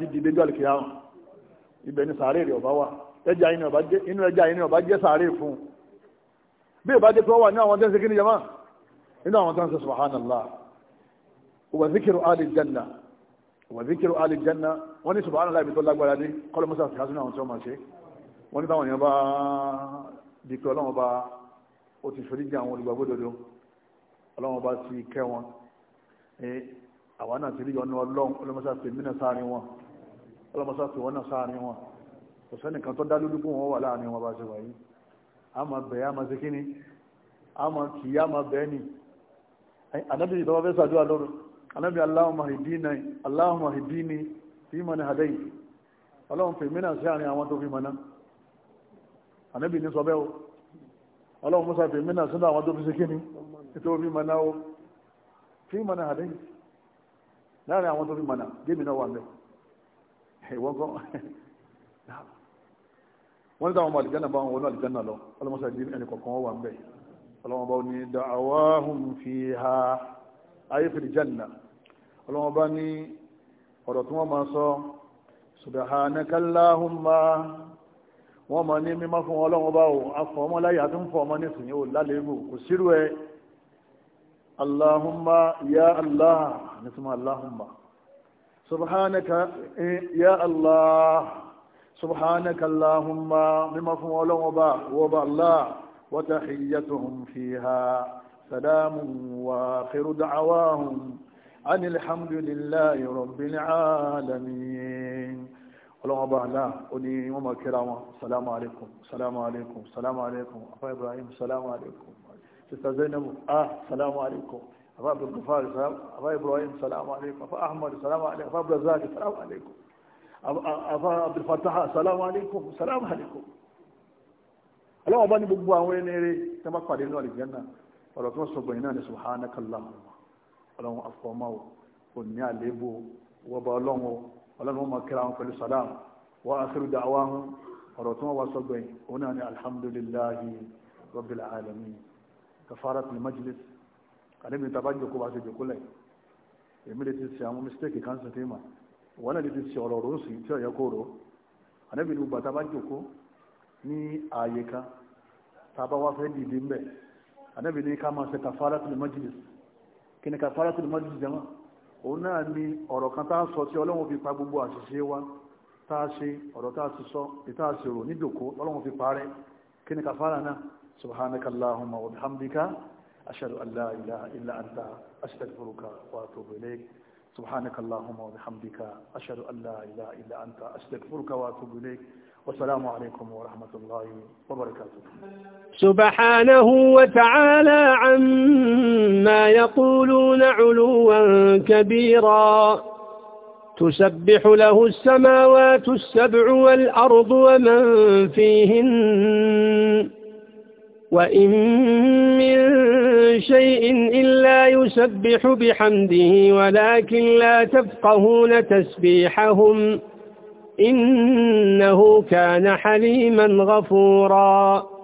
ti dìde jọ́lì kìí àrùn ibẹ̀ bí ìbá jẹ́ tó wà ní àwọn tẹ́sí kí ni jama nínú àwọn tẹ́sí subhanallah wa zikiru ali janna wa zikiru ali janna wọ́n ní subhanallah ibi tó lágbára ní kọ́lọ́ musa fi hásínú àwọn tí wọ́n máa ṣe wọ́n ní táwọn yẹn bá di pé ọlọ́wọ́n bá ó ti forí jẹ àwọn olùgbàgbọ́dodo ọlọ́wọ́n bá ti kẹ́ wọn àwọn náà ti rí ọ̀nà ọlọ́run ọlọ́mọsá fi mí a máa bẹ̀ a máa ṣe kíni a máa kì í a máa bẹ̀ ni anábì ìtọ́wọ́ fẹ́ sàdúrà lọ́rùn anábì Allahumma ihdini Allahumma ihdini fi man hadayt ọlọ́run fèmí náà sí àárín àwọn tó fi mọ̀ná anábì ní sọ bẹ́ẹ̀ o ọlọ́run musa fèmí náà sínú àwọn tó fi ṣe kíni tó fi mọ̀ná o fi man hadayt láàrin àwọn tó fi mọ̀ná gémi wà mẹ́ ìwọ́n wọ́n ní táwọn ọmọ àlìjánà bá wọn náà àlìjánà lọ ọlọ́mọsá jí ẹnì kọ̀ọ̀kan wọ́n wà ń bẹ̀ ọlọ́mọba ní da'awahum fiha ayé fil janna ọlọ́mọba ní ọ̀rọ̀ tí wọ́n máa sọ subhanakallahumma wọ́n máa ní mímọ́ fún ọlọ́mọba ò afọmọláyà tó ń fọ ọmọ nísìnyí ò lálẹ́gbò kò sírú ẹ allahumma ya allah سبحانك اللهم بمفهوم ولوبا وبا الله وتحيتهم فيها سلام واخر دعواهم أن الحمد لله رب العالمين ọlọ́wọ́n bá aláà ó ní wọ́n máa kíra wọn salamu alaikum salamu alaikum salamu alaikum afa ibrahim salamu alaikum sista zainabu ah salamu alaikum afa abdul gafari afa ibrahim salamu alaikum afa ahmad salamu alaikum afa abdul zaki salamu alaikum àfa abdulfataha salamu alaykum salamu alaykum aláwọ̀ bá ní gbogbo àwọn ẹni eré tí wọ́n pàdé nínú àlìjẹ́nà ọ̀rọ̀ tó sọ gbẹ̀yìn náà ní subhanakallah ọlọ́run afọ́mọ́ ò ní àléébù wọ́n bá ọlọ́run ọlọ́run wọn máa kíra wọn pẹ̀lú salam wọ́n akhiru da'wahum ọ̀rọ̀ tó wọ́n wá sọ gbẹ̀yìn òun náà ní alhamdulillahi rabbil alamin kafaratul majlis àdébìnrin tàbá jòkó bá ṣe jòkó lẹ̀ èmi lè ti ṣe àwọn mistake kan sí fíìmà wọn náà ti ṣe ọ̀rọ̀ rọ́ọ̀sì tí ọ̀yẹ́ kò rọ́ ànábì ní gbogbo àtàbá jòkó ní ààyè kan tàbá wá fẹ́ dìde ńbẹ̀ ànábì ní ká máa ṣe kàfárá tó lè majlis kí ni kàfárá tó lè majlis jama òun náà ni ọ̀rọ̀ kan tá a sọ tí ọlọ́run fi pa gbogbo àṣìṣe wa tá a ṣe ọ̀rọ̀ tá a ti sọ ìta àṣèrò ní jòkó ọlọ́run fi parẹ́ kí ni kàfárá náà subhanakallahumma wa bihamdika ashhadu an ilaha illa anta astaghfiruka wa atubu ilayk سبحانك اللهم وبحمدك أشهد أن لا إله إلا أنت أستغفرك وأتوب إليك والسلام عليكم ورحمة الله وبركاته سبحانه وتعالى عما يقولون علوا كبيرا تسبح له السماوات السبع والأرض ومن فيهن وإن من شيء إلا يسبح بحمده ولكن لا تفقهون تسبيحهم إنه كان حليما غفوراً